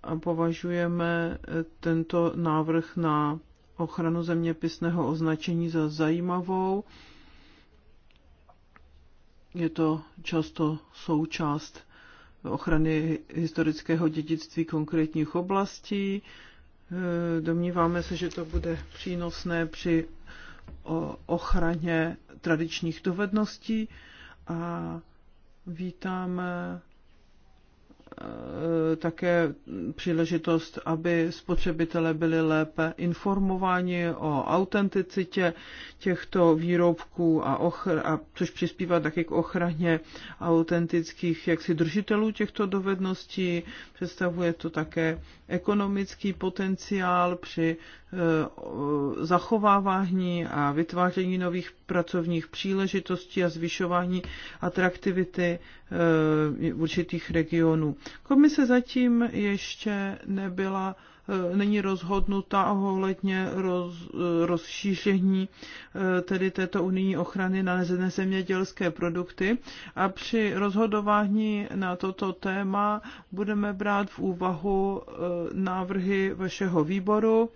a považujeme tento návrh na ochranu zeměpisného označení za zajímavou je to často součást ochrany historického dědictví konkrétních oblastí. E, domníváme se, že to bude přínosné při ochraně tradičních dovedností a vítáme Eh, také příležitost, aby spotřebitelé byli lépe informováni o autenticitě těchto výrobků, a ochr- a což přispívá také k ochraně autentických jaksi držitelů těchto dovedností. Představuje to také ekonomický potenciál při Eh, zachovávání a vytváření nových pracovních příležitostí a zvyšování atraktivity eh, určitých regionů. Komise zatím ještě nebyla eh, není rozhodnuta ohledně roz, rozšíření tedy této unijní ochrany na nezemědělské produkty a při rozhodování na toto téma budeme brát v úvahu návrhy vašeho výboru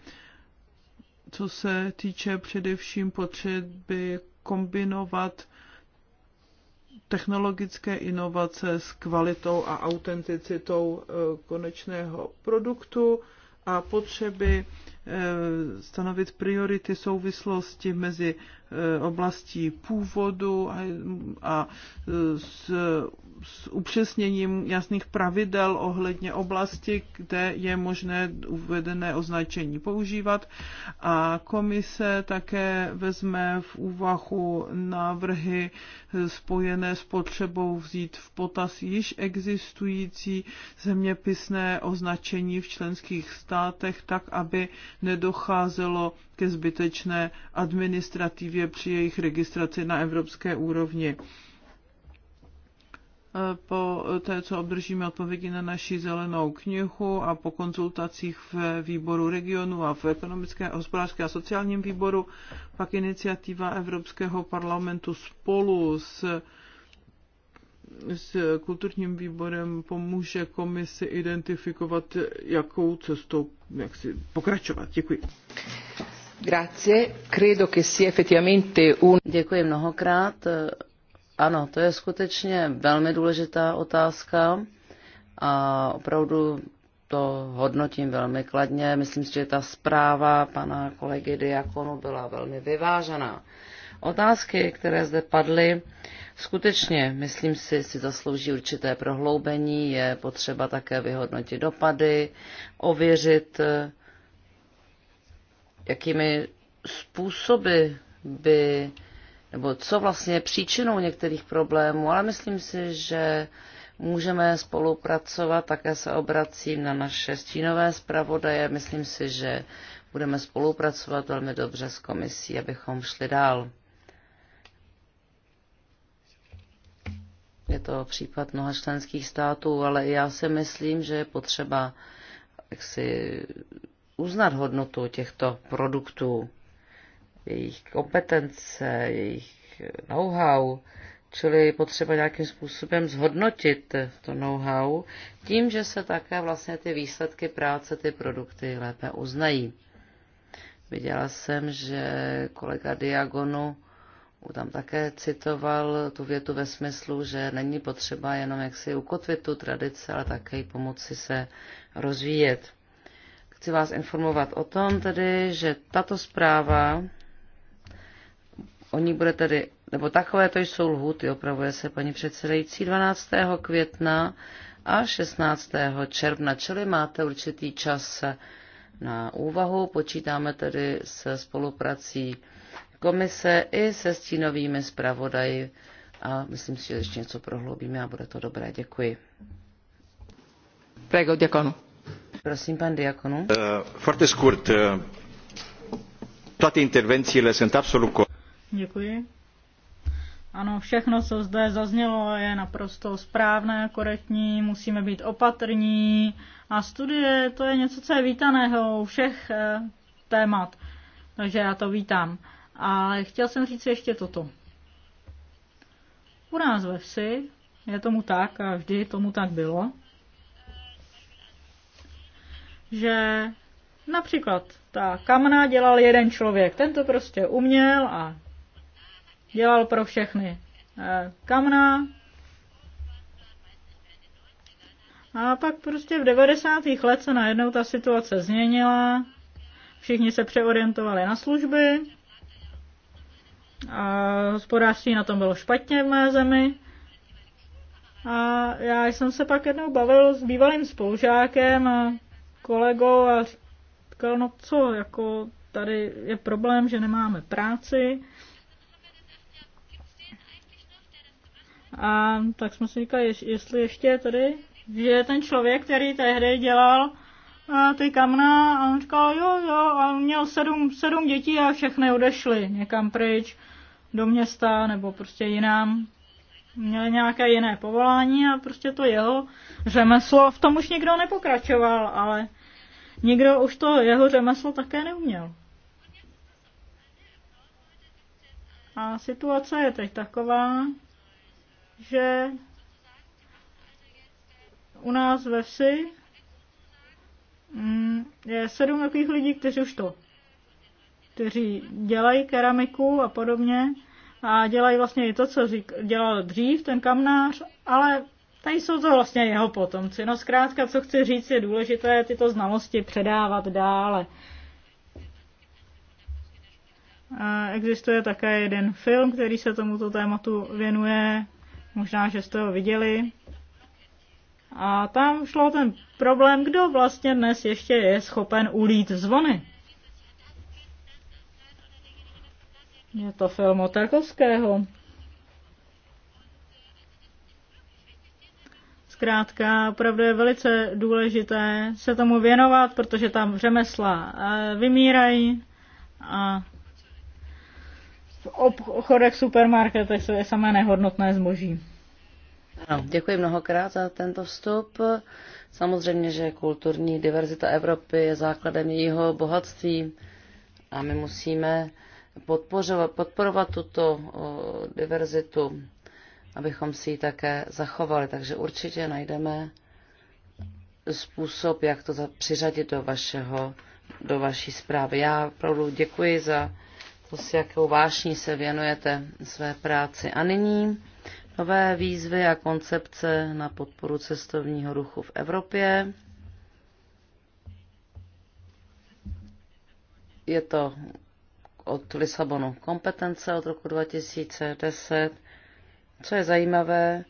co se týče především potřeby kombinovat technologické inovace s kvalitou a autenticitou eh, konečného produktu a potřeby eh, stanovit priority souvislosti mezi eh, oblastí původu a s s upřesněním jasných pravidel ohledně oblasti, kde je možné uvedené označení používat. A komise také vezme v úvahu návrhy spojené s potřebou vzít v potaz již existující zeměpisné označení v členských státech, tak aby nedocházelo ke zbytečné administrativě při jejich registraci na evropské úrovni po té, co obdržíme odpovědi na naši zelenou knihu a po konzultacích v výboru regionu a v ekonomické, hospodářské a sociálním výboru, pak iniciativa Evropského parlamentu spolu s s kulturním výborem pomůže komisi identifikovat, jakou cestou jak si pokračovat. Děkuji. Grazie. Credo che sia effettivamente un... Děkuji mnohokrát. Ano, to je skutečně velmi důležitá otázka a opravdu to hodnotím velmi kladně. Myslím si, že ta zpráva pana kolegy Diakonu byla velmi vyvážená. Otázky, které zde padly, skutečně, myslím si, si zaslouží určité prohloubení. Je potřeba také vyhodnotit dopady, ověřit, jakými způsoby by nebo co vlastně je příčinou některých problémů, ale myslím si, že můžeme spolupracovat, také se obracím na naše stínové zpravodaje, myslím si, že budeme spolupracovat velmi dobře s komisí, abychom šli dál. Je to případ mnoha členských států, ale já si myslím, že je potřeba jak si uznat hodnotu těchto produktů jejich kompetence, jejich know-how, čili potřeba nějakým způsobem zhodnotit to know-how tím, že se také vlastně ty výsledky práce, ty produkty lépe uznají. Viděla jsem, že kolega Diagonu tam také citoval tu větu ve smyslu, že není potřeba jenom jak si ukotvit tu tradici, ale také i pomoci se rozvíjet. Chci vás informovat o tom tedy, že tato zpráva Oni bude tedy, nebo takové to jsou lhuty, opravuje se paní předsedající, 12. května a 16. června, čili máte určitý čas na úvahu. Počítáme tedy se spoluprací komise i se stínovými zpravodaji a myslím si, že ještě něco prohloubíme a bude to dobré. Děkuji. Prego, děkonu. Prosím, pan Diakonu. Uh, foarte scurt, uh, toate intervențiile sunt absolut Děkuji. Ano, všechno, co zde zaznělo, je naprosto správné, korektní, musíme být opatrní. A studie, to je něco, co je vítaného u všech eh, témat. Takže já to vítám. Ale chtěl jsem říct ještě toto. U nás ve vsi je tomu tak, a vždy tomu tak bylo, že například ta kamna dělal jeden člověk. Ten to prostě uměl a dělal pro všechny eh, kamna. A pak prostě v 90. let se najednou ta situace změnila, všichni se přeorientovali na služby, a hospodářství na tom bylo špatně v mé zemi. A já jsem se pak jednou bavil s bývalým spolužákem a kolegou a říkal, no co, jako tady je problém, že nemáme práci, A tak jsme si říkali, jestli ještě tady, že ten člověk, který tehdy dělal ty kamna, a on říkal, jo, jo, a měl sedm, sedm dětí a všechny odešly někam pryč do města nebo prostě jinam. Měli nějaké jiné povolání a prostě to jeho řemeslo, v tom už nikdo nepokračoval, ale nikdo už to jeho řemeslo také neuměl. A situace je teď taková, že u nás ve vsi mm, je sedm takových lidí, kteří už to, kteří dělají keramiku a podobně a dělají vlastně i to, co řík, dělal dřív ten kamnář, ale tady jsou to vlastně jeho potomci. No zkrátka, co chci říct, je důležité tyto znalosti předávat dále. Existuje také jeden film, který se tomuto tématu věnuje, Možná, že jste ho viděli. A tam šlo ten problém, kdo vlastně dnes ještě je schopen ulít zvony. Je to film o Tarkovského. Zkrátka, opravdu je velice důležité se tomu věnovat, protože tam řemesla eh, vymírají a v obchodech, supermarketech je samé nehodnotné zboží. Ano, děkuji mnohokrát za tento vstup. Samozřejmě, že kulturní diverzita Evropy je základem jejího bohatství a my musíme podporovat, podporovat tuto diverzitu, abychom si ji také zachovali. Takže určitě najdeme způsob, jak to přiřadit do, vašeho, do vaší zprávy. Já opravdu děkuji za s jakou vášní se věnujete své práci. A nyní nové výzvy a koncepce na podporu cestovního ruchu v Evropě. Je to od Lisabonu kompetence od roku 2010. Co je zajímavé,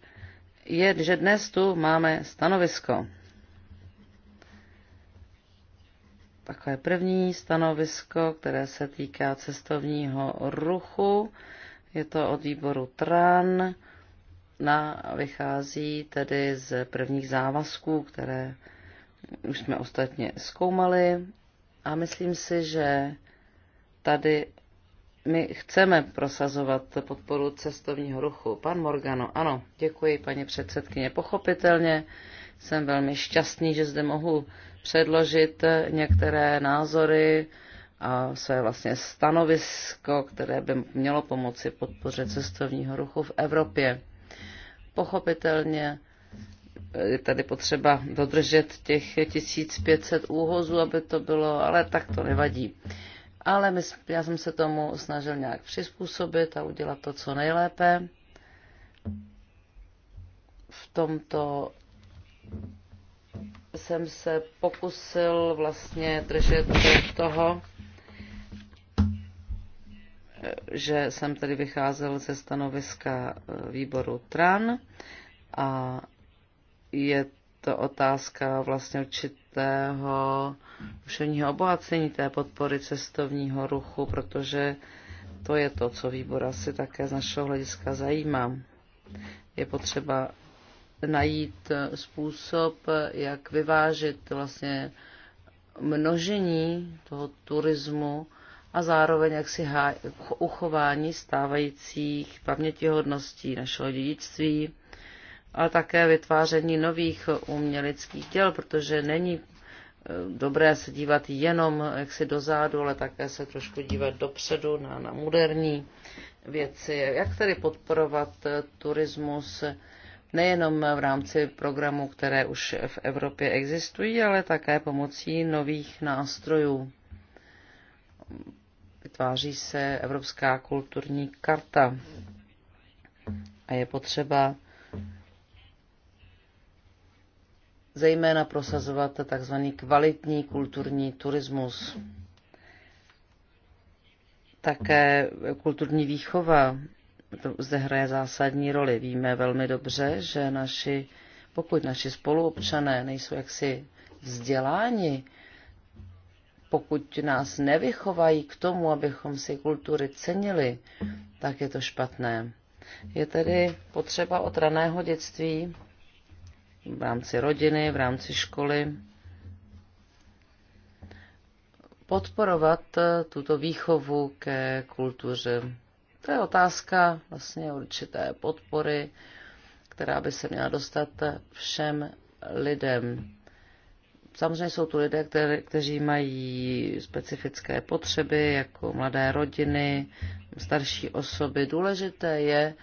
je, že dnes tu máme stanovisko takové první stanovisko, které se týká cestovního ruchu. Je to od výboru TRAN. Na, vychází tedy z prvních závazků, které už jsme ostatně zkoumali. A myslím si, že tady my chceme prosazovat podporu cestovního ruchu. Pan Morgano, ano, děkuji, paní předsedkyně. Pochopitelně jsem velmi šťastný, že zde mohu předložit eh, některé názory a své vlastně stanovisko, které by mělo pomoci podpoře cestovního ruchu v Evropě. Pochopitelně eh, je tady potřeba dodržet těch 1500 úhozů, aby to bylo, ale tak to nevadí. Ale my, já jsem se tomu snažil nějak přizpůsobit a udělat to, co nejlépe. V tomto jsem se pokusil vlastně držet toho, že jsem tedy vycházel ze stanoviska eh, výboru TRAN a je to otázka vlastně určitého duševního obohacení té podpory cestovního ruchu, protože to je to, co výbor asi také z našeho hlediska zajímá. Je potřeba najít eh, způsob, eh, jak vyvážit vlastně množení toho turismu a zároveň jak si uchování stávajících pamětihodností našeho dědictví, ale také vytváření nových uměleckých děl, protože není eh, dobré se dívat jenom jaksi dozadu, ale také se trošku dívat dopředu na, na moderní věci. Jak tedy podporovat turismus? nejenom v rámci programů, které už v Evropě existují, ale také pomocí nových nástrojů. Vytváří se Evropská kulturní karta a je potřeba zejména prosazovat tzv. kvalitní kulturní turismus. Také kulturní výchova zde hraje zásadní roli. Víme velmi dobře, že naši, pokud naši spoluobčané nejsou jaksi vzděláni, pokud nás nevychovají k tomu, abychom si kultury cenili, tak je to špatné. Je tedy potřeba od raného dětství v rámci rodiny, v rámci školy podporovat tuto výchovu ke kultuře to je otázka vlastně určité podpory, která by se měla dostat všem lidem. Samozřejmě jsou tu lidé, které, kteří mají specifické potřeby, jako mladé rodiny, starší osoby. Důležité je,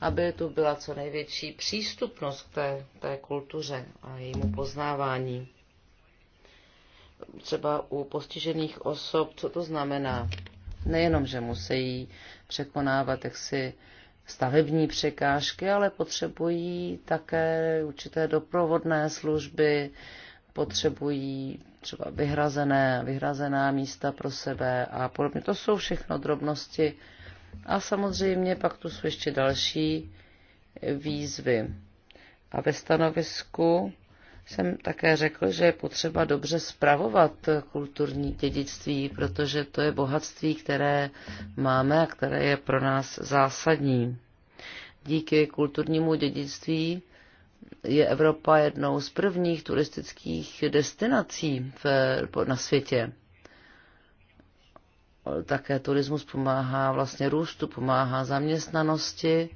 aby tu byla co největší přístupnost k té, té kultuře a jejímu poznávání. Třeba u postižených osob, co to znamená? Nejenom, že musí překonávat jaksi stavební překážky, ale potřebují také určité doprovodné služby, potřebují třeba vyhrazené, vyhrazená místa pro sebe a podobně. To jsou všechno drobnosti. A samozřejmě pak tu jsou ještě další výzvy. A ve stanovisku jsem také řekl, že je potřeba dobře spravovat kulturní dědictví, protože to je bohatství, které máme a které je pro nás zásadní. Díky kulturnímu dědictví je Evropa jednou z prvních turistických destinací v, na světě. Také turismus pomáhá vlastně růstu, pomáhá zaměstnanosti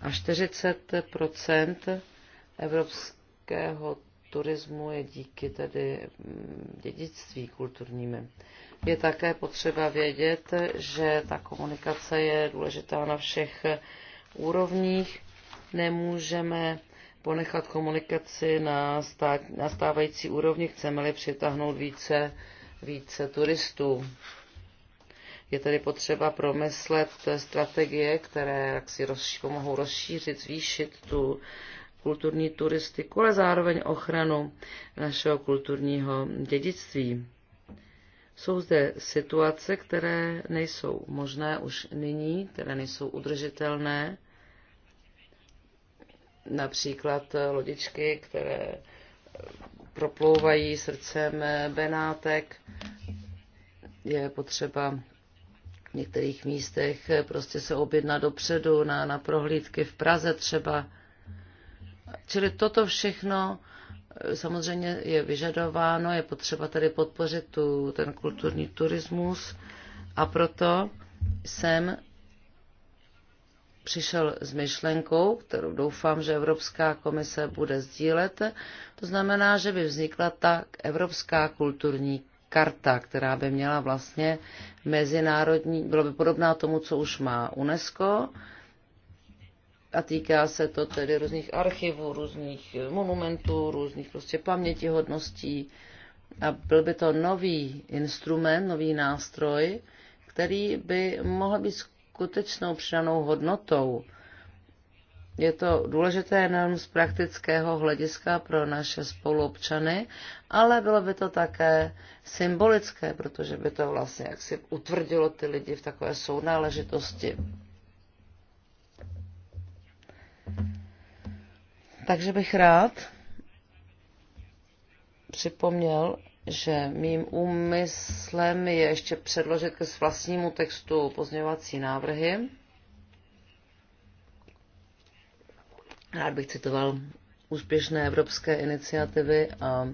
a 40 evropského turismu je díky tedy mm, dědictví kulturními. Je také potřeba vědět, že ta komunikace je důležitá na všech úrovních. Nemůžeme ponechat komunikaci na, stát, na stávající úrovni, chceme-li přitáhnout více, více turistů. Je tedy potřeba promyslet strategie, které jak si rozši- pomohou rozšířit, zvýšit tu kulturní turistiku, ale zároveň ochranu našeho kulturního dědictví. Jsou zde situace, které nejsou možné už nyní, které nejsou udržitelné. Například lodičky, které eh, proplouvají srdcem eh, Benátek. Je potřeba v některých místech eh, prostě se objednat dopředu na, na prohlídky v Praze třeba Čili toto všechno eh, samozřejmě je vyžadováno, je potřeba tady podpořit tu, ten kulturní turismus a proto jsem přišel s myšlenkou, kterou doufám, že Evropská komise bude sdílet. To znamená, že by vznikla ta Evropská kulturní karta, která by měla vlastně mezinárodní, bylo by podobná tomu, co už má UNESCO, a týká se to tedy různých archivů, různých monumentů, různých prostě pamětihodností. A byl by to nový instrument, nový nástroj, který by mohl být skutečnou přidanou hodnotou. Je to důležité jenom z praktického hlediska pro naše spoluobčany, ale bylo by to také symbolické, protože by to vlastně jaksi utvrdilo ty lidi v takové sounáležitosti. Takže bych rád připomněl, že mým úmyslem je ještě předložit ke vlastnímu textu pozměňovací návrhy. Rád bych citoval úspěšné evropské iniciativy a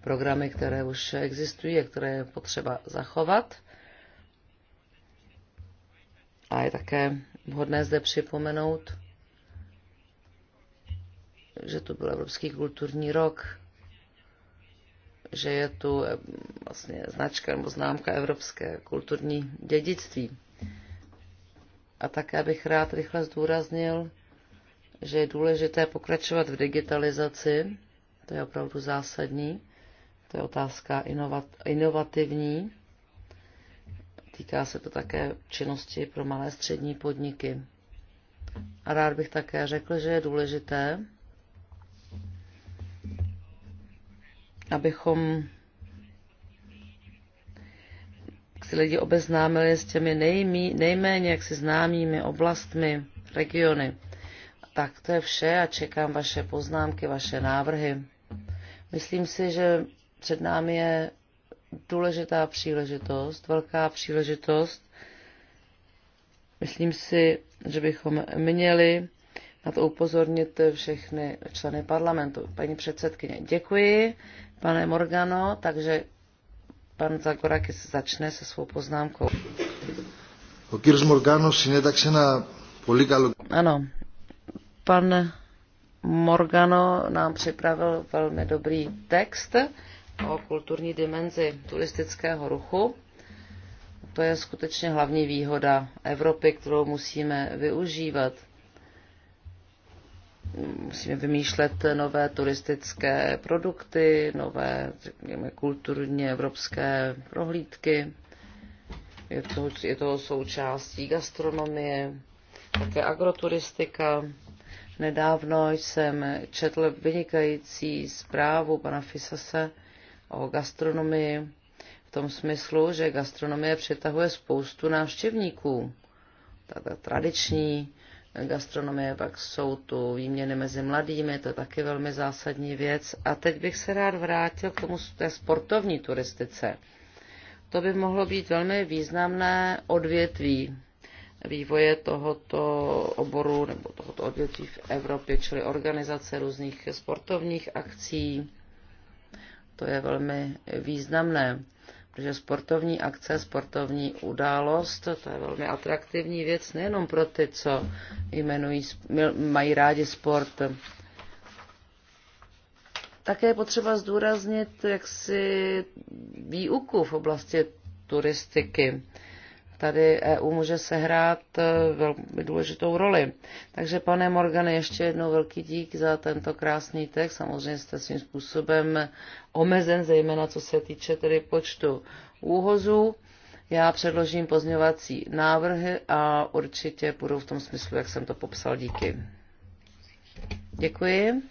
programy, které už existují a které je potřeba zachovat. A je také vhodné zde připomenout, že tu byl Evropský kulturní rok, že je tu eh, vlastně značka nebo známka Evropské kulturní dědictví. A také bych rád rychle zdůraznil, že je důležité pokračovat v digitalizaci, to je opravdu zásadní, to je otázka inovat, inovativní, týká se to také činnosti pro malé střední podniky. A rád bych také řekl, že je důležité, abychom si lidi obeznámili s těmi nejmí, nejméně jaksi známými oblastmi, regiony. Tak to je vše a čekám vaše poznámky, vaše návrhy. Myslím si, že před námi je důležitá příležitost, velká příležitost. Myslím si, že bychom měli na to upozornit všechny členy parlamentu. Paní předsedkyně, děkuji pane Morgano, takže pan Zagorakis začne se svou poznámkou. Ο si Μοργάνος tak se na polikalo... Ano, pan Morgano nám připravil velmi dobrý text o kulturní dimenzi turistického ruchu. To je skutečně hlavní výhoda Evropy, kterou musíme využívat musíme vymýšlet nové turistické produkty, nové řekněme, kulturně evropské prohlídky. Je to, je to součástí gastronomie, také agroturistika. Nedávno jsem četl vynikající zprávu pana Fisase o gastronomii v tom smyslu, že gastronomie přitahuje spoustu návštěvníků. Ta, tradiční gastronomie, pak jsou tu výměny mezi mladými, to je taky velmi zásadní věc. A teď bych se rád vrátil k tomu té sportovní turistice. To by mohlo být velmi významné odvětví vývoje tohoto oboru nebo tohoto odvětví v Evropě, čili organizace různých sportovních akcí. To je velmi významné. Protože sportovní akce, sportovní událost, to je velmi atraktivní věc nejenom pro ty, co jmenují, mají rádi sport. Také je potřeba zdůraznit jaksi výuku v oblasti turistiky tady EU může sehrát e, velmi důležitou roli. Takže pane Morgane, ještě jednou velký dík za tento krásný text. Samozřejmě jste svým způsobem omezen, zejména co se týče tedy počtu úhozů. Já předložím pozměňovací návrhy a určitě budou v tom smyslu, jak jsem to popsal. Díky. Děkuji.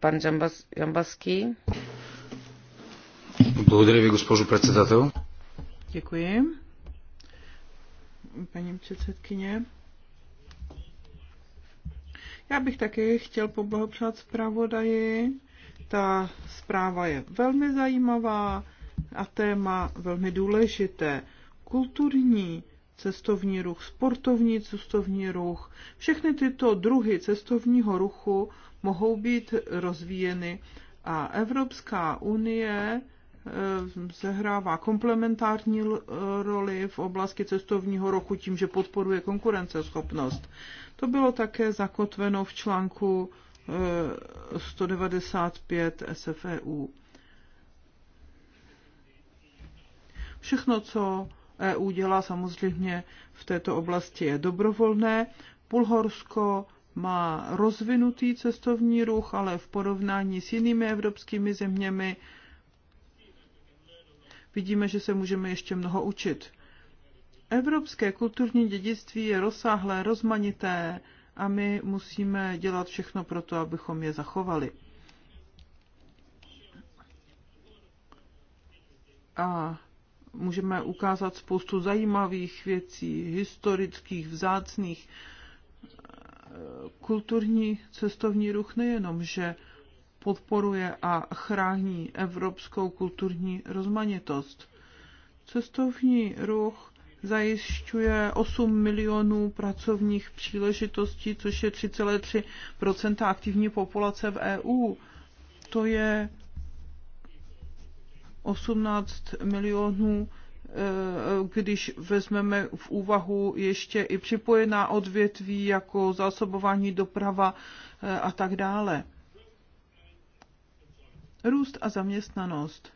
Pan Jambaský. Благодаря ви, госпожо председател. Děkuji. Paní předsedkyně. Já bych také chtěl poblahopřát zpravodaji. Ta zpráva je velmi zajímavá a téma velmi důležité. Kulturní cestovní ruch, sportovní cestovní ruch, všechny tyto druhy cestovního ruchu mohou být rozvíjeny a Evropská unie Eh, sehrává komplementární eh, roli v oblasti cestovního roku tím, že podporuje konkurenceschopnost. To bylo také zakotveno v článku 195 eh, SFEU. Všechno, co EU dělá samozřejmě v této oblasti je dobrovolné. Bulhorsko má rozvinutý cestovní ruch, ale v porovnání s jinými evropskými zeměmi vidíme, že se můžeme ještě mnoho učit. Evropské kulturní dědictví je rozsáhlé, rozmanité a my musíme dělat všechno pro to, abychom je zachovali. A můžeme ukázat spoustu zajímavých věcí, historických, vzácných. Kulturní cestovní ruch nejenom, že podporuje a chrání evropskou kulturní rozmanitost. Cestovní ruch zajišťuje 8 milionů pracovních příležitostí, což je 3,3 aktivní populace v EU. To je 18 milionů eh, když vezmeme v úvahu ještě i připojená odvětví jako zásobování doprava eh, a tak dále. Růst a zaměstnanost.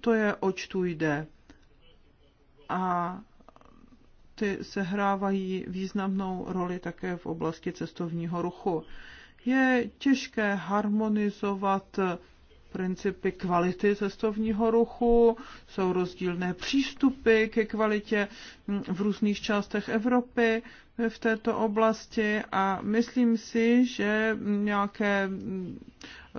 To je, oč tu jde. A ty sehrávají významnou roli také v oblasti cestovního ruchu. Je těžké harmonizovat principy kvality cestovního ruchu, jsou rozdílné přístupy ke kvalitě v různých částech Evropy v této oblasti a myslím si, že nějaké eh,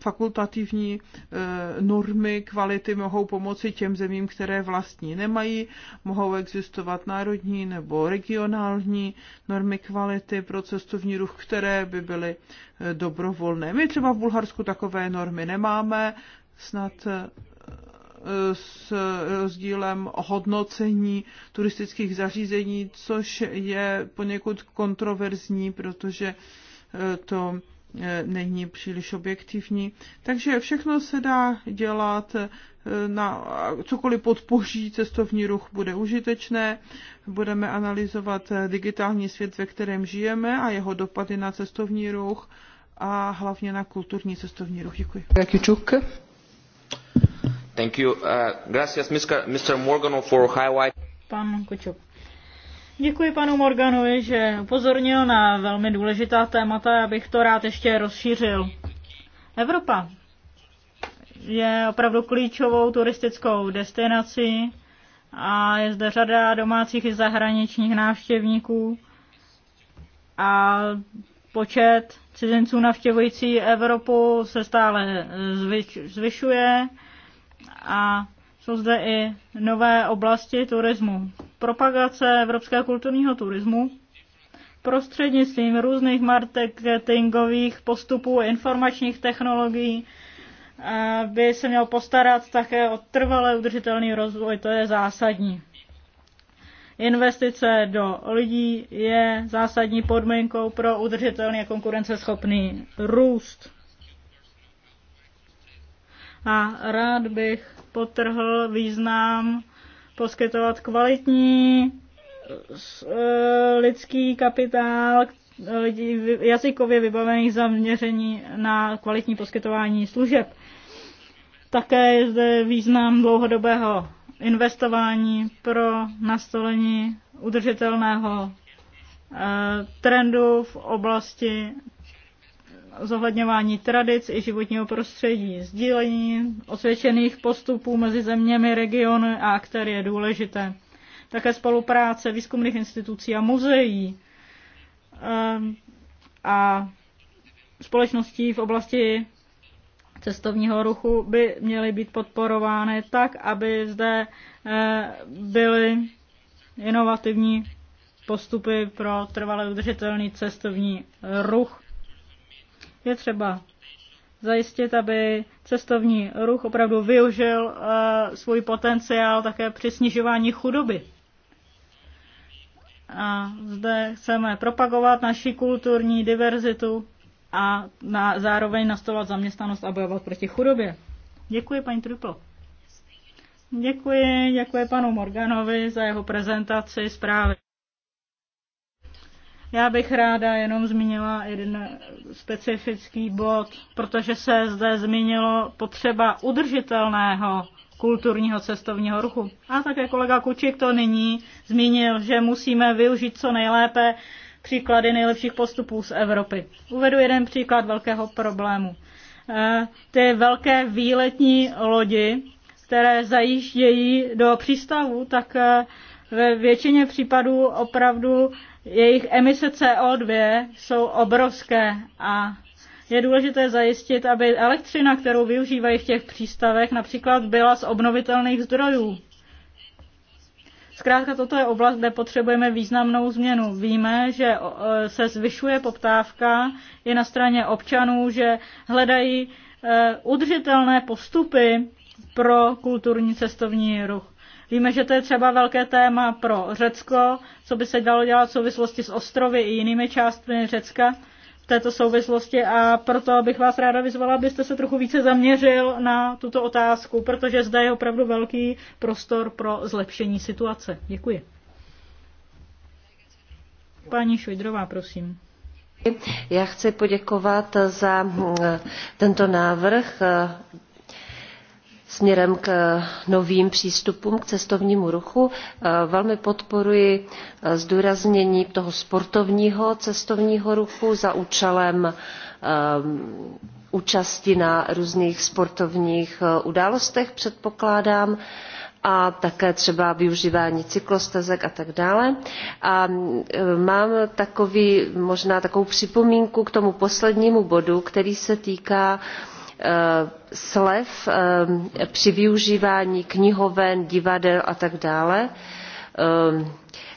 fakultativní eh, normy kvality mohou pomoci těm zemím, které vlastní nemají. Mohou existovat národní nebo regionální normy kvality pro cestovní ruch, které by byly eh, dobrovolné. My třeba v Bulharsku takové normy nemáme, snad s eh, rozdílem hodnocení turistických zařízení, což je poněkud kontroverzní, protože eh, to eh, není příliš objektivní. Takže všechno se dá dělat, na cokoliv podpoří cestovní ruch bude užitečné. Budeme analyzovat digitální svět, ve kterém žijeme a jeho dopady na cestovní ruch a hlavně na kulturní cestovní ruch. Děkuji. Jaký Thank you. Uh, gracias, Mr. Morgano, for Pan Děkuji panu Morganovi, že upozornil na velmi důležitá témata, bych to rád ještě rozšířil. Evropa je opravdu klíčovou turistickou destinací a je zde řada domácích i zahraničních návštěvníků a počet cizinců navštěvující Evropu se stále zvyšuje a jsou zde i nové oblasti turismu. Propagace evropského kulturního turismu prostřednictvím různých marketingových postupů, informačních technologií by se měl postarat také o trvalé udržitelný rozvoj, to je zásadní. Investice do lidí je zásadní podmínkou pro udržitelný a konkurenceschopný růst a rád bych potrhl význam poskytovat kvalitní e, lidský kapitál lidí e, jazykově vybavených zaměření na kvalitní poskytování služeb. Také je zde význam dlouhodobého investování pro nastolení udržitelného e, trendu v oblasti zohledňování tradic i životního prostředí, sdílení osvědčených postupů mezi zeměmi, regiony a aktéry je důležité. Také spolupráce výzkumných institucí a muzeí ehm, a společností v oblasti cestovního ruchu by měly být podporovány tak, aby zde eh, byly inovativní postupy pro trvale udržitelný cestovní ruch. Je třeba zajistit, aby cestovní ruch opravdu využil uh, svůj potenciál také při snižování chudoby. A zde chceme propagovat naši kulturní diverzitu a na, zároveň nastolovat zaměstnanost a bojovat proti chudobě. Děkuji, paní Trupl. Děkuji, děkuji panu Morganovi za jeho prezentaci zprávy. Já bych ráda jenom zmínila jeden specifický bod, protože se zde zmínilo potřeba udržitelného kulturního cestovního ruchu. A také kolega Kučik to nyní zmínil, že musíme využít co nejlépe příklady nejlepších postupů z Evropy. Uvedu jeden příklad velkého problému. E, ty velké výletní lodi, které zajíždějí do přístavu, tak e, ve většině případů opravdu jejich emise CO2 jsou obrovské a je důležité zajistit, aby elektřina, kterou využívají v těch přístavech, například byla z obnovitelných zdrojů. Zkrátka toto je oblast, kde potřebujeme významnou změnu. Víme, že e, se zvyšuje poptávka i na straně občanů, že hledají e, udržitelné postupy pro kulturní cestovní ruch. Víme, že to je třeba velké téma pro Řecko, co by se dalo dělat v souvislosti s ostrovy i jinými částmi Řecka v této souvislosti a proto bych vás ráda vyzvala, abyste se trochu více zaměřil na tuto otázku, protože zde je opravdu velký prostor pro zlepšení situace. Děkuji. Paní Šojdrová, prosím. Já chci poděkovat za eh, tento návrh směrem k novým přístupům k cestovnímu ruchu. Eh, velmi podporuji eh, zdůraznění toho sportovního cestovního ruchu za účelem eh, účasti na různých sportovních událostech, předpokládám a také třeba využívání cyklostezek a tak dále. A mám takový, možná takovou připomínku k tomu poslednímu bodu, který se týká uh, Eh, slev eh, při využívání knihoven divadel a tak dále. Eh,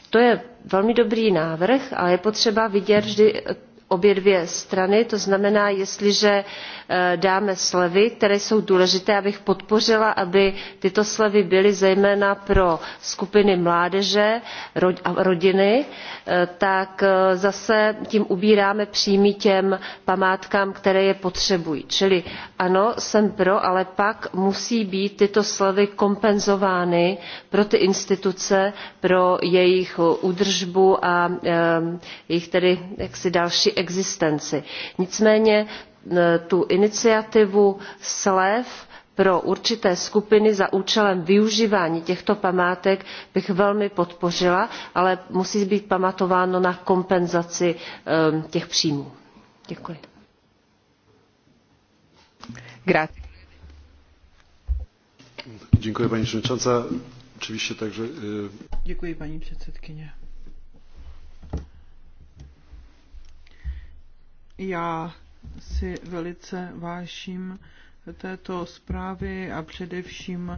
to je velmi dobrý návrh ale je potřeba vidět vždy obě dvě strany to znamená jestliže eh, dáme slevy které jsou důležité já bych podpořila aby tyto slevy byly zejména pro skupiny mládeže a rodiny eh, tak eh, zase tím ubíráme příjmy těm památkám které je potřebují. čili ano jsem pro ale pak musí být tyto slevy kompenzovány pro ty instituce pro jejich údržbu a jejich tedy jaksi další existenci. nicméně e, tu iniciativu slev pro určité skupiny za účelem využívání těchto památek bych velmi podpořila ale musí být pamatováno na kompenzaci e, těch příjmů. děkuji. Děkuji paní Já si velice váším této zprávy a především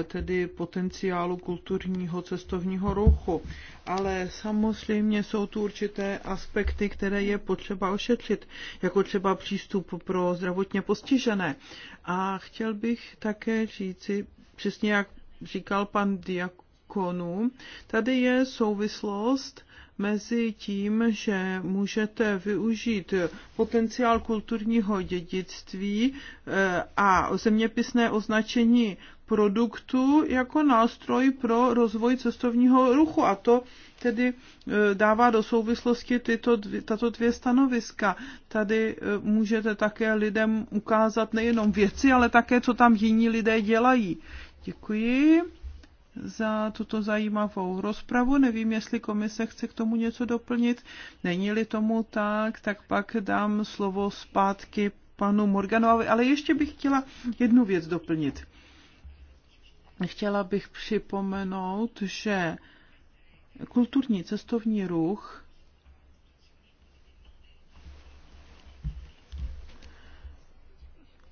eh, tedy potenciálu kulturního cestovního ruchu. Ale samozřejmě jsou tu určité aspekty, které je potřeba ošetřit, jako třeba přístup pro zdravotně postižené. A chtěl bych také říci, přesně jak říkal pan Diakonu, tady je souvislost mezi tím, že můžete využít potenciál kulturního dědictví eh, a zeměpisné označení produktu jako nástroj pro rozvoj cestovního ruchu. A to tedy eh, dává do souvislosti tyto, tato dvě stanoviska. Tady eh, můžete také lidem ukázat nejenom věci, ale také, co tam jiní lidé dělají. Děkuji za tuto zajímavou rozpravu. Nevím, jestli komise chce k tomu něco doplnit. Není-li tomu tak, tak pak dám slovo zpátky panu Morganovi, ale ještě bych chtěla jednu věc doplnit. Chtěla bych připomenout, že kulturní cestovní ruch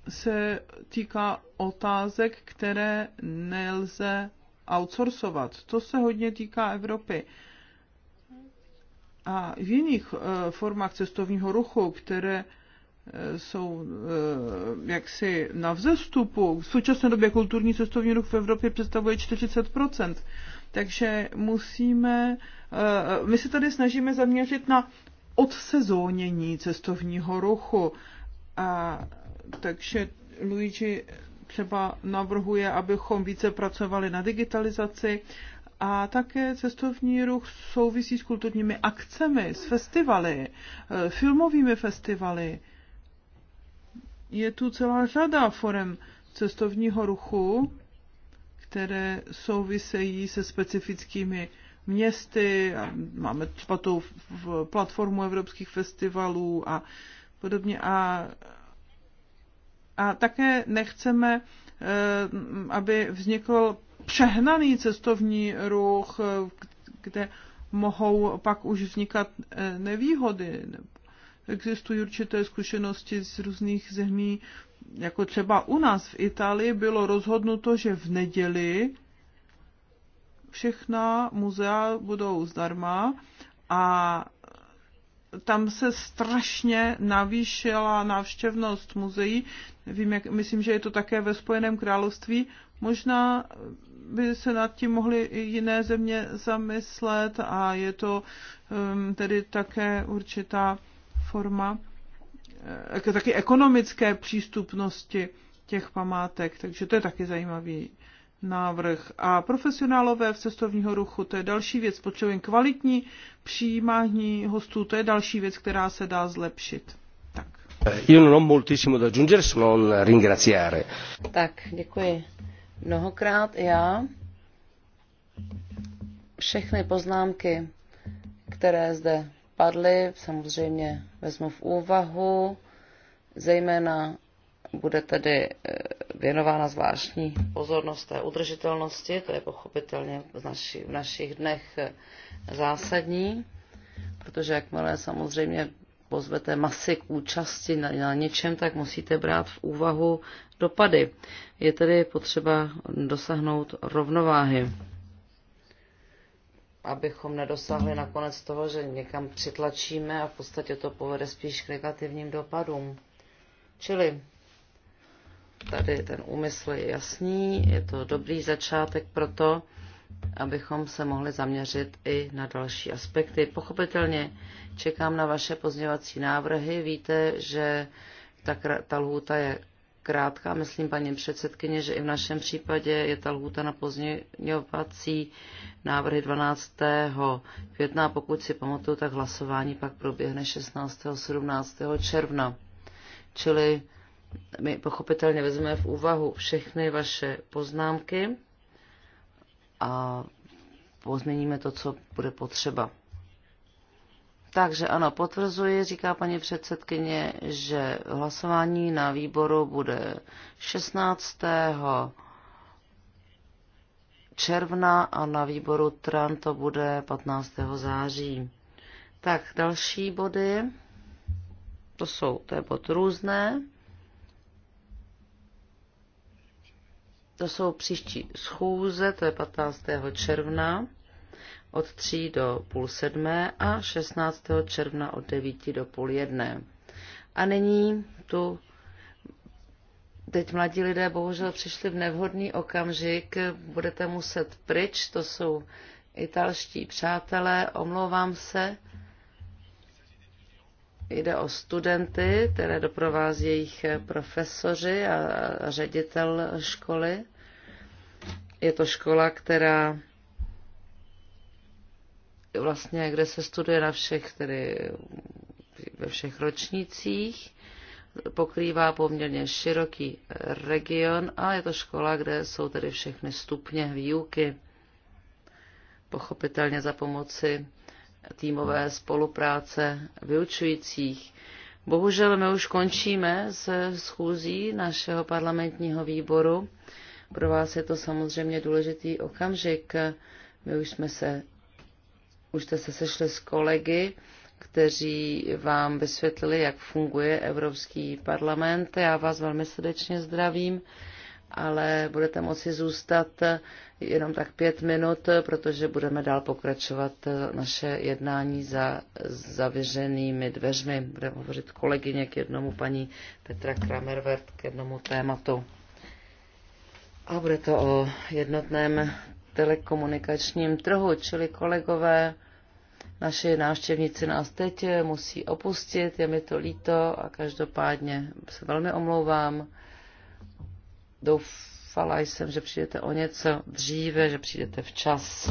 se týká otázek, které nelze outsourcovat. To se hodně týká Evropy. A v jiných eh, formách cestovního ruchu, které eh, jsou eh, jaksi na vzestupu. V současné době kulturní cestovní ruch v Evropě představuje 40 takže musíme, my se tady snažíme zaměřit na odsezónění cestovního ruchu. A, takže Luigi třeba navrhuje, abychom více pracovali na digitalizaci a také cestovní ruch souvisí s kulturními akcemi, s festivaly, eh, filmovými festivaly. Je tu celá řada forem cestovního ruchu, které souvisejí se specifickými městy. Máme třeba tu platformu evropských festivalů a podobně. A a také nechceme, eh, aby vznikl přehnaný cestovní ruch, eh, kde mohou pak už vznikat eh, nevýhody. Existují určité zkušenosti z různých zemí, jako třeba u nás v Itálii bylo rozhodnuto, že v neděli všechna muzea budou zdarma a tam se strašně navýšila návštěvnost muzeí. Vím, jak, myslím, že je to také ve Spojeném království. Možná by se nad tím mohly i jiné země zamyslet a je to um, tedy také určitá forma eh, taky ekonomické přístupnosti těch památek, takže to je taky zajímavý návrh. A profesionálové v cestovního ruchu, to je další věc. Potřebujeme kvalitní přijímání hostů, to je další věc, která se dá zlepšit. Tak. Io non ho moltissimo da aggiungere, se non ringraziare. Tak, děkuji. Mnohokrát já všechny poznámky, které zde padly, samozřejmě vezmu v úvahu, zejména bude tedy eh, věnována zvláštní pozornost té udržitelnosti, to je pochopitelně v, naši, v našich dnech eh, zásadní, protože jakmile samozřejmě pozvete masy k účasti na, na něčem, tak musíte brát v úvahu dopady. Je tedy potřeba dosáhnout rovnováhy, abychom nedosáhli nakonec toho, že někam přitlačíme a v podstatě to povede spíš k negativním dopadům. Čili Tady ten úmysl je jasný, je to dobrý začátek pro to, abychom se mohli zaměřit i na další aspekty. Pochopitelně čekám na vaše pozněvací návrhy. Víte, že ta, ta lhůta je krátká. Myslím, paní předsedkyně, že i v našem případě je ta lhůta na pozměňovací návrhy 12. května. Pokud si pamatuju, tak hlasování pak proběhne 16. 17. června. Čili my pochopitelně vezmeme v úvahu všechny vaše poznámky a pozměníme to, co bude potřeba. Takže ano, potvrzuji, říká paní předsedkyně, že hlasování na výboru bude 16. června a na výboru TRAN to bude 15. září. Tak, další body, to jsou, to je bod různé. To jsou příští schůze, to je 15. června od 3 do půl sedmé a 16. června od 9 do půl jedné. A nyní tu teď mladí lidé bohužel přišli v nevhodný okamžik, budete muset pryč, to jsou italští přátelé, omlouvám se. Jde o studenty, které doprovází jejich profesoři a ředitel školy. Je to škola, která vlastně, kde se studuje na všech, tedy ve všech ročnících, pokrývá poměrně široký region a je to škola, kde jsou tedy všechny stupně výuky, pochopitelně za pomoci týmové spolupráce vyučujících. Bohužel my už končíme se schůzí našeho parlamentního výboru. Pro vás je to samozřejmě důležitý okamžik. My už jsme se, už jste se sešli s kolegy, kteří vám vysvětlili, jak funguje Evropský parlament. Já vás velmi srdečně zdravím, ale budete moci zůstat jenom tak pět minut, protože budeme dál pokračovat eh, naše jednání za zavěřenými dveřmi. Budeme hovořit kolegyně k jednomu paní Petra Kramervert k jednomu tématu. A bude to o jednotném telekomunikačním trhu, čili kolegové, naši návštěvníci nás teď musí opustit, je mi to líto a každopádně se velmi omlouvám. Doufám, Doufala jsem, že přijdete o něco dříve, že přijdete včas.